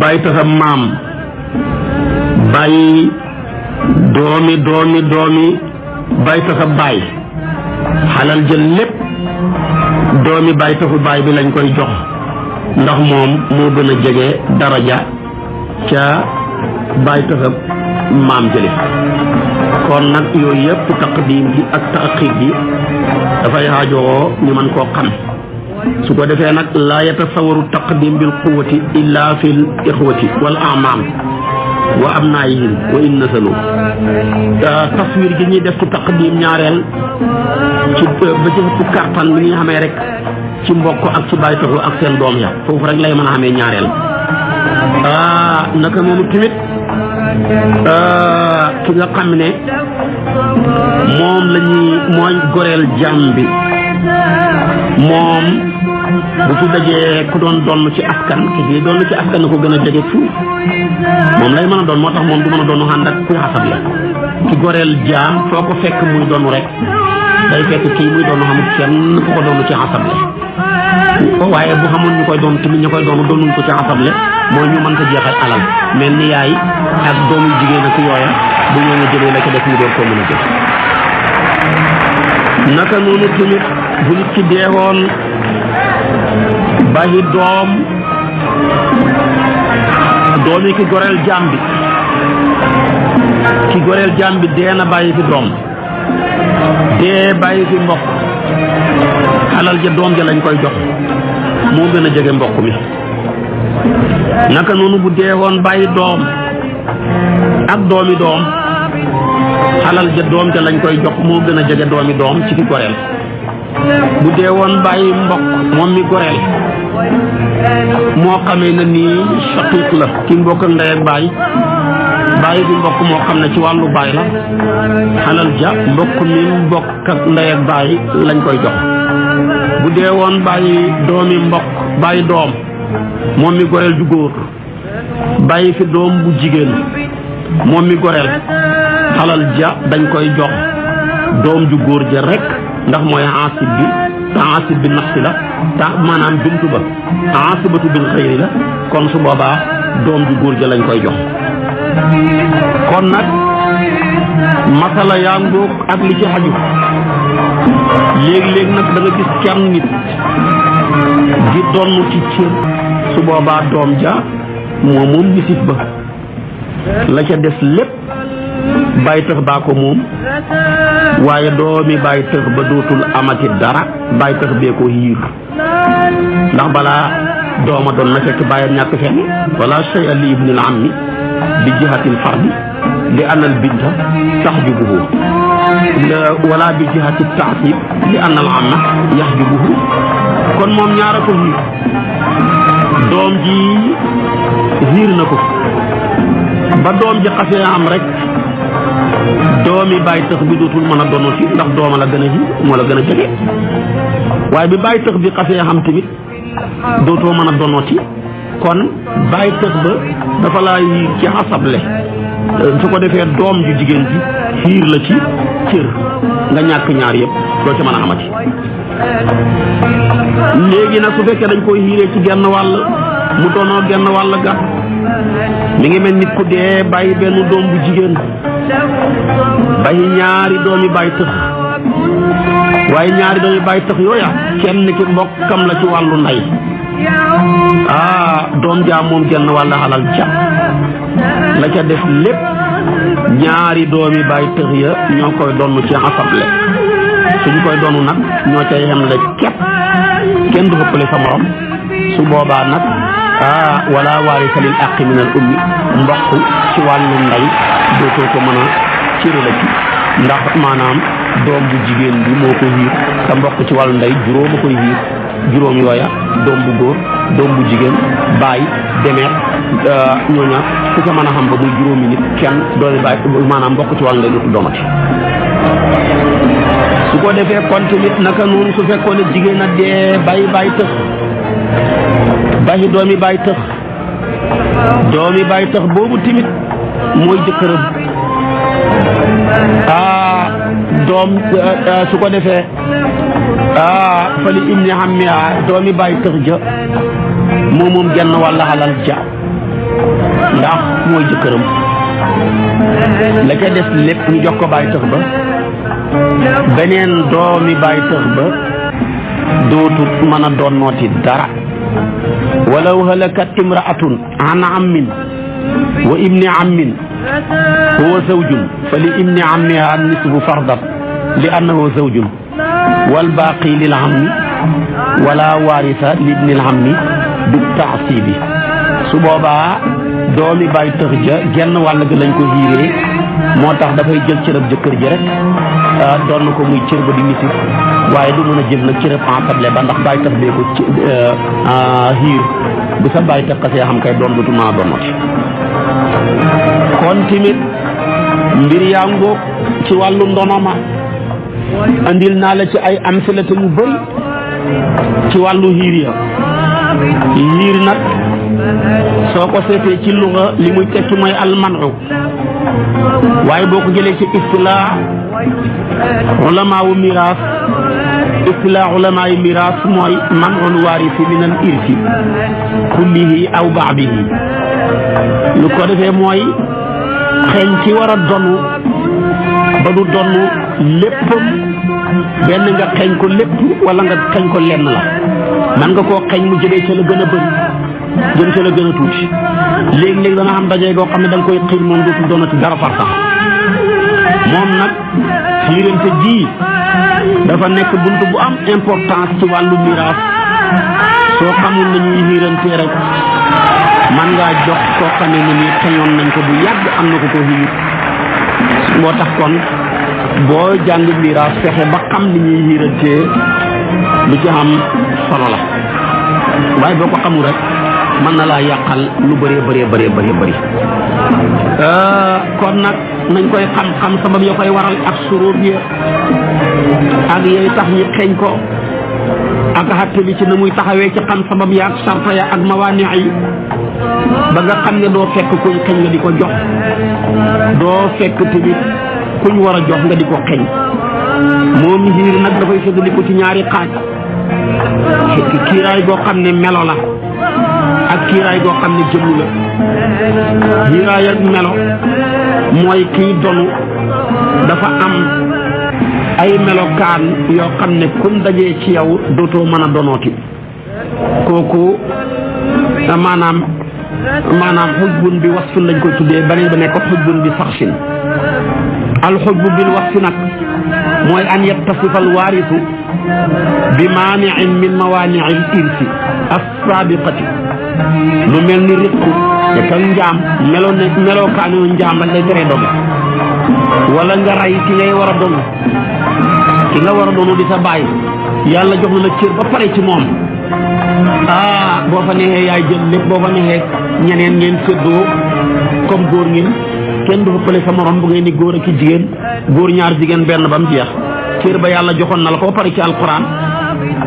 Speaker 1: bàyyi taxam maam bàyyi doomi doomi doomi bay tasa baay xalal jël lépp doomi bay tasu baay bi lañ koy jox ndax moom moo gën a jege daraja ca bay tasa maam jëli kon nag yooyu yëpp taqdim bi ak taaxir bi dafay xaajowoo ñu mën koo xam su ko defee nag laa yatasawaru taqdim bil quwati illa fil ixwati wal amam wa am naa yihin wa in nasalu euh, taswir gi ñuy def ci taqdim ñaareel ci euh, ba ci ëpp kartan li ñuy xamee rek ci mbokk ak ci bàyyi toxlu ak seen doom ya foofu rek lay mën a xamee ñaareel ah, naka moom tamit euh, ki nga xam ne moom la mooy goreel jàmm bi moom bu ci dajee ku doon donn ci askan ki ci ci askan ko gën a jege fuuf moom lay mën a doon moo tax moom du mën a doon ànd ak ku xasab la ki goreel jaam foo ko fekk muy doon rek day fekk kii muy doon xamul kenn ku ko doon ci xasab la waaye bu xamoon ñu koy doon tamit ñu koy doon doonuñ ko ci xasab la mooy ñu mën ko jeexal alal mel ni yaay ak doomu jigéen ak yooya bu ñoo nga jëlee la ko def ñu doon ko mën a jël naka noonu tamit bu nit ki bàyyi doom doom yi ki goreel jaam bi ki goreel jaam bi dee na bàyyi fi doom dee bàyyi fi mbokk alal ja doom ja lañ koy jox moo gën a jege mbokk mi naka noonu bu dee woon bàyyi doom ak doomi doom alal ja doom ja lañ koy jox moo gën a jege doomi doom ci ki goreel bu dee woon bàyyi mbokk moom mi goreel moo xamee na nii shaqiiq la ki mbokk ak ndey ak bàyyi bàyyi bi mbokk moo xam ne ci wàllu bàyyi la
Speaker 2: xalal ja mbokk
Speaker 1: mi mbokk ak ndey ak bàyyi lañ koy jox bu dee woon bàyyi doomi mbokk bàyyi doom moom mi goreel ju góor bàyyi fi doom bu jigéen moom mi goreel xalal ja dañ koy jox doom ju góor ja rekk ndax mooy aasib bi te aasib bi nafsi la te maanaam bintu ba aasibatu bil xëyri la kon su boobaa doom ju góor ja lañ koy jox kon nag masala yaa ngoog ak li ci xaju léegi-léegi nag da gis kenn nit di donn ci cër su boobaa doom ja moo moom misit ba la ca des lépp bàyyi tëx baa ko moom waaye doomi bàyyi tëx ba dootul amati dara bàyyi tëx bee ko hiir ndax balaa dooma doon na fekk bàyyam ñàkk fenn wala shay a di ibnil ammi bi jihatil fardi li annal binta taxjubuhu wala bi jihati taasib li annal amma yaxjubuhu kon moom ñaara ko hiir doom ji hiir na ko ba doom ji xasee am rek doomi bàyyi tëx bi dootul mën a dono ci ndax dooma la gën a ji moo la gën a a waaye bi bàyyi tëx bi xasee xam tamit dootoo mën a dono ci kon bàyyi tëx ba dafa lay ci xasable euh, su ko defee doom ju jigéen ji xiir la ci cër nga ñàkk ñaar yëpp doo ci léegi nag su fekkee dañ koy xiiree ci genn wàll mu donoo genn wàll ga mi ngi mel nit ku dee bàyyi benn doom bu jigéen bay ñaari doomi bay tëx waaye ñaari doomi bay tëx yooya kenn ki mbokkam la ci wàllu ndey ah doom jaa moom genn wàll xalal ca la ca def lépp ñaari doomi bay tëx ya ñoo koy donn ci asable suñu koy donn nag ñoo cay xem la képp kenn du ëppale sa morom su boobaa nag walla ah, wala waarisa lil aqi min al ummi mbokk ci wàllu ndey dootoo ko mën a cërale ci ndax maanaam doom bu jigéen bi moo ko hiir sa mbokk ci wàllu ndey juróom a koy hiir juróom yooya doom bu góor doom bu jigéen baay demeet euh, ñooña ku ko mën a xam ba muy juróomi nit kenn doomi baay maanaam mbokk ci wàllu ndey dootu doomati su ko defee kon tamit naka noonu su fekkoon ne jigéen a dee bàyyi bàyyi tëx bàyyi doomi bàyyi tëx doomi bàyyi tëx boobu tamit mooy jëkkëram ah doom ah, ah, su ko defee ah fali ibni um hammiha ah, doomi bàyyi tëx ja moo genn walla xalal ja ndax mooy jëkkëram la ca def lépp ñu jox ko bàyyi ba beneen doomi bàyyi tëx ba dootut mën a doon nooti dara walaw halakat imraatun an ammin wa ibni ammin huwa zawjun fa li ibni ammiha nisfu fardan li annahu zawjun wal baaqi lil ammi wala waarisa li ibni l ammi bi taasibi su boobaa doomi bàyyi tëx ja genn wàll ga lañ ko hiiree moo tax dafay jël cërëb jëkkër ji rek ah, doon na ko muy cër ba di misif waaye du mën a jël nag cërëb entable ba ndax bàyyi tëx bee ko ah, hiir bu sa bàyyi tëx xasee xam kay doon dutu mën a doonati kon timit mbir yaa ngoog ci wàllu ndonoma andil naa la ci ay amsilata yu bëri ci wàllu hiir ya nag soo ko seetee ci luga li muy tekki mooy almanu waaye boo ko jëlee ci istilaa ulamaa wu miraas istilaa ulamaa yi min al irsi kullihi aw ba'dihi lu ko defee mooy xeeñ ci war a donn ba du donn lépp benn nga xeeñ ko lépp wala nga xeeñ ko lenn la man nga koo xeeñ mu jëlee ca la gën a bëri jëm ca la gën a tuuti léegi-léegi dana am daje goo xam ne da koy xiir moom dootul doonati dara far sax moom nag fiirante ji dafa nekk dunt bu am importance ci wàllu miraas soo xamul nañuy fiirante rek man ngaa jox koo xamee ne ko bu yàgg am na ko ko hiir moo tax kon boo jàng miraas fexe ba xam ni ñuy hiirantee lu ci am solo la waaye boo ko xamul rek mën na laa yàqal lu bëree bëree bëree bari bëri euh, kon nag nañ koy xam-xam sabab ya koy waral ak suruur bi ak yooyu tax ñi xeeñ ko ak xatte bi ci na muy taxawee ci xam sabab ya ak sarta ya ak mawaani yi ba nga xam ne doo fekk kuñ xeñ nga di ko jox doo fekk tamit kuñ war a jox nga di ko xeñ moom hiir nag dafay ñaari xaaj fekk goo xam ne melo la ak kiiraay goo ne jëmm melo mooy kiy donu dafa am ay melokaan yoo xam ne kum dajee ci yow dootoo mën a donooti kooku maanaam maanaam xujbun bi wasfun lañ koy tuddee beneen ba nekk xujbun bi saxsin alxujbu bil wasfi nag mooy an yattasifa alwaarisu bi maaniin min mawaanii al irsi assaabiqati
Speaker 2: lu mel ni riqu te ka njaam
Speaker 1: meloo njaam lañ lay teree doge wala nga ray ki ngay war a doon ki nga war a doon di sa bàyyi yàlla jox na la cër ba pare ci moom ah boo fa neexee yaay jël lépp boo fa neexee ñeneen ngeen séddoo comme góor ngeen kenn du ëppale sa morom bu ngeen ni góor ak i jigéen góor ñaar jigéen benn ba mu jeex cër ba yàlla joxoon na la ko pare ci alquran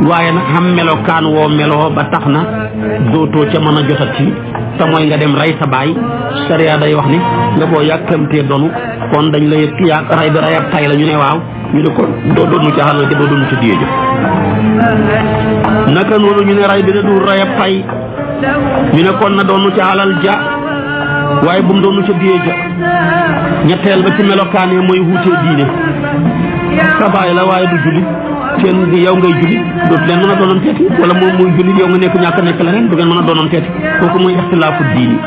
Speaker 1: waaye nag melokaan woo meloo ba tax na dootoo ca mën a jotati te mooy nga dem rey baay sariya day wax ni nga boo kon dañ la yëg ne waaw ñu ne kon doo doonu naka noonu ñu ne rey bi da du rey tay ñu ne kon na doonu ca alal ja waaye bu mu doonu ca diyee ja ñetteel ba ci melokaane mooy wuutee diine sa la waaye du julli seen yow ngay julli dootu leen mën a doonoon teeti wala moom muy julli yow nekk ñàkk nekk leneen du ngeen mën a doonoon kooku mooy ixtilaafu diini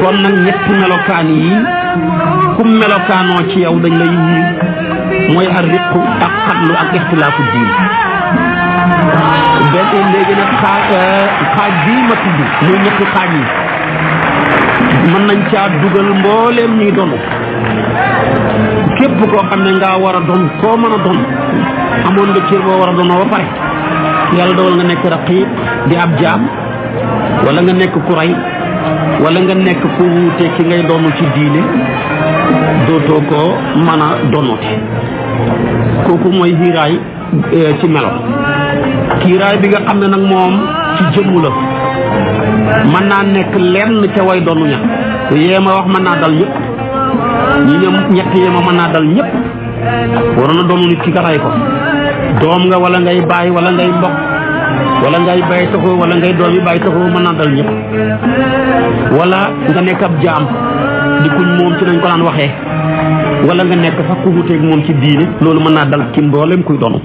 Speaker 1: kon nag ñetti melokaan yi ku melokaanoo ci yow dañ lay wuyu mooy arriqu ak xatlu ak ixtilaafu diini benn léegi nag xaaj euh, xaaj bii ma tudd muy ñetti xaaj yi mën nañ caa dugal mbooleem ñuy donu képp koo xam ne ngaa war a don koo mën a don amoon nga war a donoo ba pare yàlla dogal nga nekk raqiib di ab jaam wala nga nekk ku rey wala nga nekk ku wuute ki ngay doonu ci diine dootoo koo mën a donote kooku mooy hiiraay Eh, ci melo kiiraay bi nga xam ne nag moom ci jëmm la mën naa nekk lenn ca way doonu ña yee ma wax man naa dal ñëpp ñi ñoom ñett yee ma mën naa dal ñëpp waroon a doonu nit ki nga ko doom nga wala ngay bàyyi wala ngay mbokk wala ngay bàyyi taxoo wala ngay doom yi bàyyi taxoo mën naa dal ñëpp wala nga nekk ab jaam di kuñ moom ci nañ ko daan waxee wala nga nekk sax ku wuteeg moom ci diine loolu mën naa dal ci mboolem kuy doon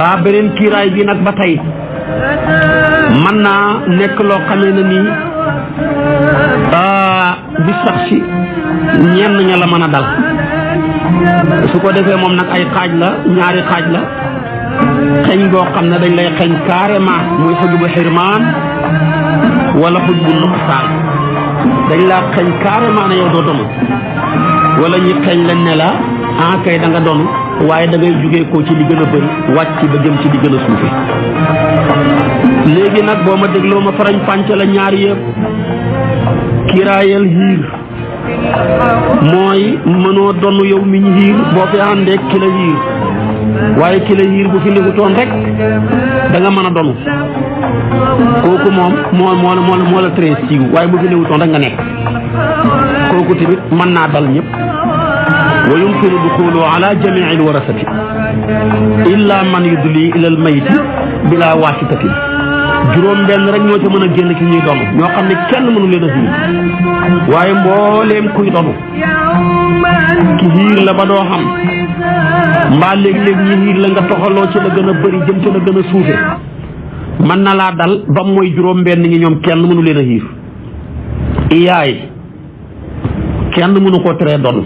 Speaker 1: ah beneen kiiraay bi nag ba tey mën naa nekk loo xamee ne nii bi ah, sax si ñenn ña la mën a dal su ko defee moom nag ay xaaj la ñaari xaaj la xeñ boo xam ne dañ lay xeñ carrément muy wala dañ laa xeñ carrément yow doo wala ñi kañ la ne la en ah kay da nga doon waaye da ngay jugee koo ci li gën a bëri wàcc ba jëm ci li gën a suufe léegi nag boo ma dégloo ma farañ pànc la ñaar yëpp kiraayal hiir mooy mënoo donn yow mi ñu hiir boo fi àndee ki la hiir waaye ki la hiir bu fi nekkutoon rek da nga mën a donu kooku moom moo moo moo moo la treize siiw waaye bu fi nekkutoon rek nga nekk saxoo ko tamit mën naa dal ñëpp wa yumkinu duxulu ala jamii al warasati illa man yudli ila al mayiti bila wasitatin juróom benn rek ñoo ca mën a génn ci ñuy doon ñoo xam ne kenn mënu leen a xiir waaye mbooleem kuy doon ki xiir la ba doo xam mbaa léeg-léeg ñi xiir la nga toxaloo ci la gën a bëri jëm ci la gën a suufe mën na laa dal ba mooy juróom benn ñi ñoom kenn mënu leen a xiir iyaay kenn mënu koo teree doon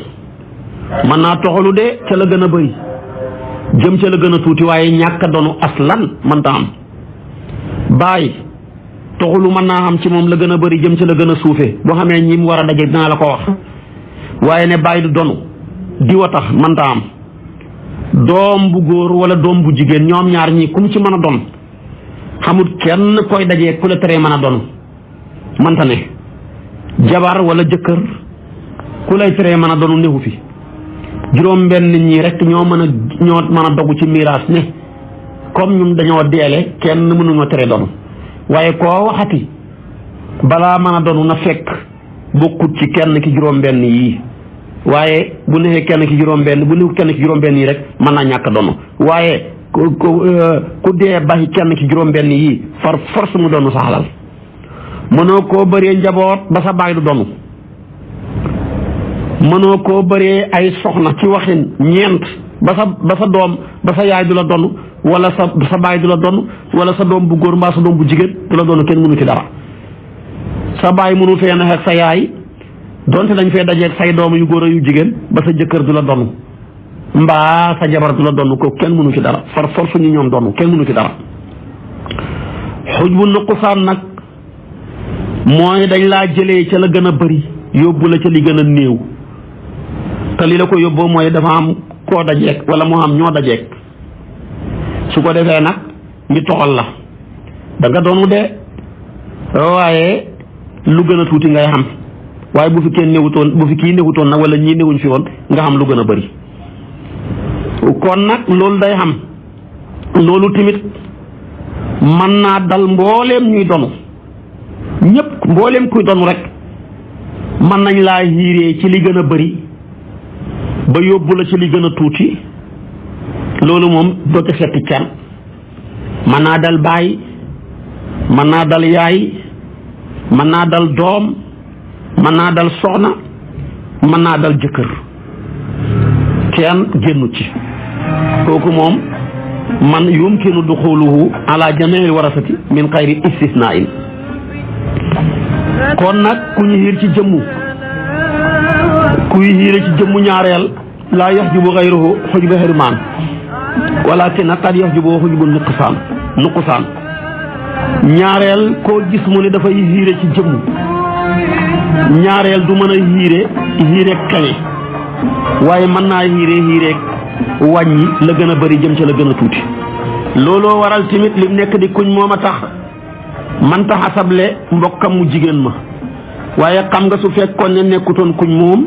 Speaker 1: mën naa toxalu de ca la gën a bari jëm ca la gën a tuuti waaye ñàkk donu aslan man ta am bàyyi toxalu mën naa am ci moom la gën a bari jëm ca la gën a suufe boo xamee ñi mu war a daje dinaa la ko wax waaye ne bàyyi du donu diwa tax mënta am doom bu góor wala doom bu jigéen ñoom ñaar ñii kum ci mën a don xamul kenn koy dajee ku la teree mën a don manta ne jabar wala jëkkër ku lay teree mën a doonu néew fi juróom benn ñi rek ñoo mën a ñoo mën a dogu ci miraas ne comme ñun dañoo deele kenn mënuñoo tere doonu waaye koo waxati balaa mën a doonu na fekk bokkut ci kenn ki juróom benn yii waaye bu nekkee kenn ki juróom benn bu nekkul yii rek mën naa ñàkk doonu waaye ku ku dee bàyyi kenn ki juróom benn yii far force mu doonu sa xalal mënoo koo bëree njaboot ba sa bàyyi du doonu mënoo koo bëree ay soxna ci waxin ñeent ba sa ba sa doom ba sa yaay du la donn wala sa baay du la donn wala sa doom bu góor mbaa sa doom bu jigéen du la donn kenn mënu ci dara sa baay mënu fee nax ak dañ fee dajeeg say doom yu góor yu jigéen ba jëkkër du la donn mbaa sa jabar du ko kenn mënu ci dara far force ñu ñoom donn kenn mënu ci dara xuj bu nuqusaan nag mooy dañ laa jëlee ca la gën a bëri yóbbu la ca li gën a néew te la ko yóbboo mooy dafa am koo dajeek wala moo am ñoo dajeek su ko defee nag ñu toxal la danga nga de waaye lu gën a tuuti ngay xam waaye bu fi kenn newutoon bu fi kii newutoon nag wala ñii newuñ fi woon nga xam lu gën a bari kon nag loolu day xam loolu tamit mën naa dal mbooleem ñuy donu ñépp mbooleem kuy donu rek mën nañ laa hiiree ci li gën a bari ba yóbbu la ci li gën a tuuti loolu moom dootu xeeti kenn mën naa dal baay mën naa dal yaay mën naa dal doom mën naa dal soxna mën naa dal jëkkër kenn génnu ci kooku moom man yumkinu duxuluhu ala jamiil warasati min xayri istisnain kon nag ku ñu xiir ci jëmmu kuy xiire ci jëmmu ñaareel laa yaxjubu xayruhu xujba xirmaan walakin qad yaxjubu xujbu nuqsaan nuqsaan ñaareel koo gis mu ne dafay hiire ci jëmm ñaareel du mën a hiire hiire kañe waaye mën naa hiire hiire wàññi la gën a bari jëm ca la gën a tuuti looloo waral tamit lim nekk di kuñ moom a tax man tax asable mbokkam mu jigéen ma waaye xam nga su fekkoon ne nekkutoon kuñ moom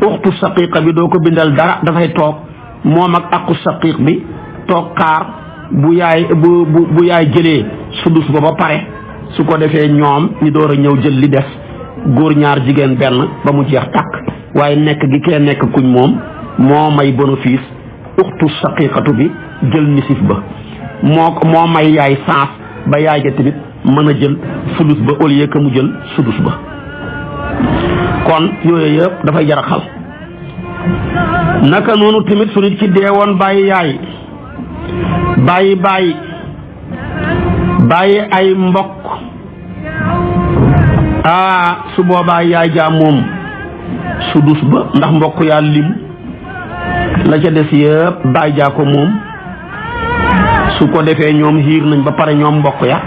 Speaker 1: sa saqiiqa bi doo ko bindal dara dafay toog moom ak sa saqiiq bi toog xaar bu yaay bu bu yaay jëlee sudus ba ba pare su ko defee ñoom ñi door a ñëw jël li def góor ñaar jigéen benn ba mu jeex tàkk waaye nekk gi kee nekk kuñ moom moo may bénéfice uxtu saqiiqatu bi jël nisif ba moo moo may yaay saas ba yaay ja tamit mën a jël sudus ba au lieu mu jël sudus ba kon yooyu yëpp dafay jara naka noonu tamit su nit ci deewoon bàyyi yaay bàyyi bàyyi bàyyi ay mbokk aa su boobaa yaay jaa moom su dus ba ndax mbokk yaa lim la ca des yëpp bàyyi jaa ko moom su ko defee ñoom xiir nañ ba pare ñoom mbokk ya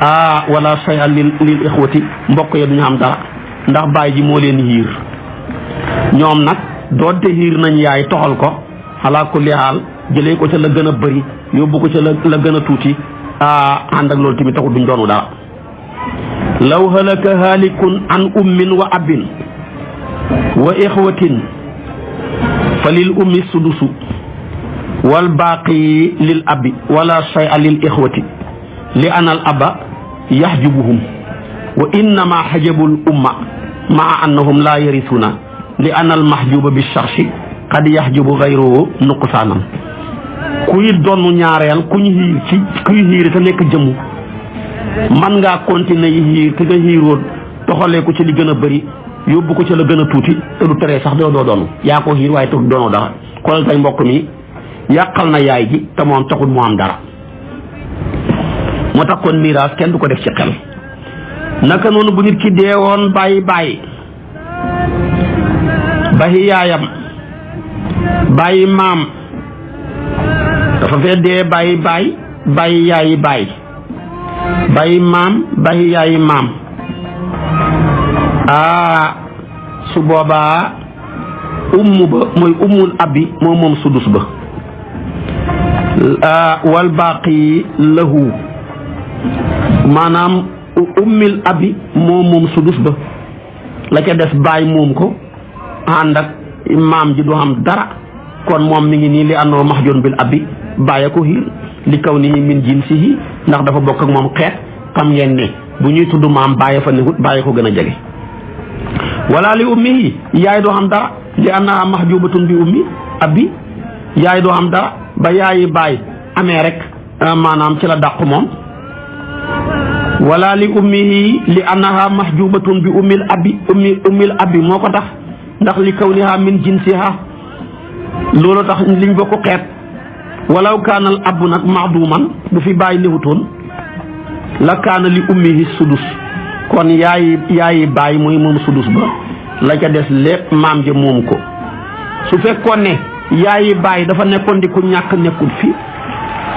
Speaker 1: aa wala say a lil lil ixwati mbokk ya duñu am dara ndax baay ji moo leen hiir ñoom nag doonte hiir nañ yaay toxal ko xalaa kulli xaal jëlee ko ca la gën a bari yóbbu ko ca la gën a tuuti ànd ak loolu tamit taxul duñ doonu dara law halaka halikun an ummin wa abin wa ixwatin fa lil ummi sudusu wal baaqi lil abi wala shay'a lil ixwati li anal aba yaxjubuhum wa innama xajabu l umma maa annahum laa na li anna al mahjuba bi charchi qad yaxjubu gayruhu nuqsaanan kuy donn ñaareel kuñ xiir ci kuy xiir te nekk jëmm man nga continuer yi xiir te nga xiiroon toxalee ko ci li gën a bëri yóbbu ko ci la gën a tuuti te du teree sax doo doo doon yaa ko xiir waaye toog doonoo dara xoolal tay mbokk mi yàqal na yaay ji te moom taxul mu am dara moo tax kon miraas kenn du ko def ci xel naka noonu bu nit ki deewoon bàyyi bàyyi bàyyi yaayam bàyyi maam dafa fee dee bàyyi bàyyi bàyyi yaayi bàyyi bàyyi maam bàyyi yaayi maam aa su boobaa umm ba mooy ummul abi moo moom sudus ba wal baaqi lahu maanaam ummil abi moom moom sudus ba la ca des baay moom ko ànd maam ji du am dara kon moom mi ngi nii li àndoo mahjoon bil abi bàyyi ko xiir li kaw ni min jinsihi ndax dafa bokk ak moom xeet xam ngeen ne bu ñuy tudd maam bàyyi fa newut bàyyi ko gën a jege wala li ummihi yaay doo xam dara li annaha mahjubatun bi ummi abi yaay doo xam dara ba yaayi baay amee rek maanaam ci la dàq moom wala li ummihi li annaha mahjubatun bi ummil abi ummi ummil abi moo ko tax ndax li kaw kawniha min jinsiha loolu tax liñ bokk xeet walaw kaana al abu nag mahduman bu fi bàyyi néewutoon la kaana li ummihi sudus kon yaayi yaayi bàyyi mooy moom sudus ba la ca des lépp maam ja moom ko su fekkoon ne yaayi bàyyi dafa nekkoon di ku ñàkk nekkul fi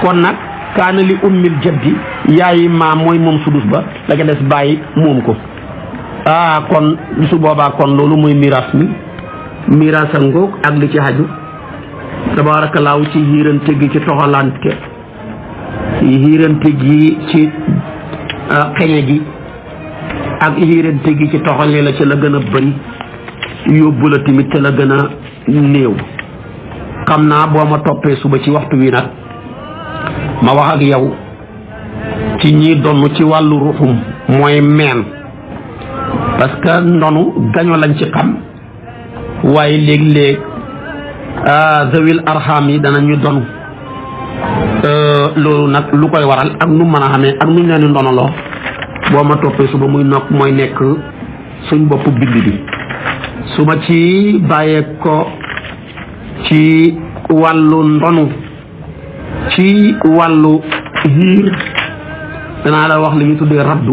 Speaker 1: kon nag kaana li ummil jaddi yaayi maam mooy moom sudus ba la ca des bàyyi moom ko ah kon su boobaa kon loolu mooy miraas mi miraasa ngoog ak li ci haju tabaarakallaahu ci hiirante gi ci toxalante hiirante gi ci ah, xeñe gi ak hiirante gi ci toxalee la ci la gën a bëri yóbbu la tamit te la gën a néew xam naa boo ma toppee suba ci waxtu wi nag ma wax ak yow ci ñiy donn ci wàllu ruxum mooy meen parce ndonu gaño lañ ci xam waaye léeg-léeg ah, zawil arham yi danañu donu euh, loolu nag lu koy waral ak nu mën a xamee ak nuñ leen di ndonaloo boo ma toppee suba muy nokk mooy nekk suñ bopp bind bi su ma ci bàyyee ko ci wàllu ndonu ci wàllu hiir danaa la wax li ñu tuddee raddu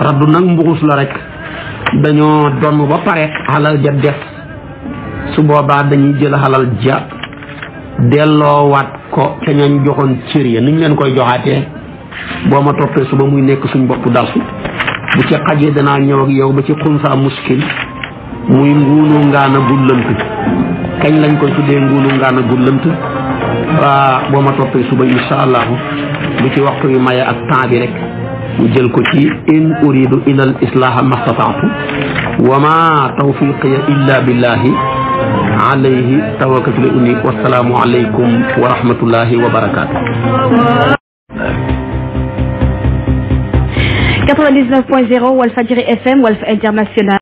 Speaker 1: raddu nag mbuxus la rek dañoo donn ba pare xalal ja def su boobaa dañuy jël xalal ja delloowaat ko te ñooñ joxoon cër ya niñ leen koy joxaatee boo ma toppee ba muy nekk suñ bopp darsu bu ci xajee danaa ñëw ak yow ba ci xunsaa muskil muy nguunu ngaana gullënt kañ lañ koy tuddee nguunu ngaana gullënt boo ma toppee suba insha allahu bu ci waxtu yu maye ak temps bi rek ñu jël ko ci in uridu ila al islaha mastataatu wa ma tawfiqiya illa billahi alayhi tawakkaltu inni wassalaamu alaykum wa rahmatullahi wa barakaatu
Speaker 2: 99.0 Walfadjri FM Walf International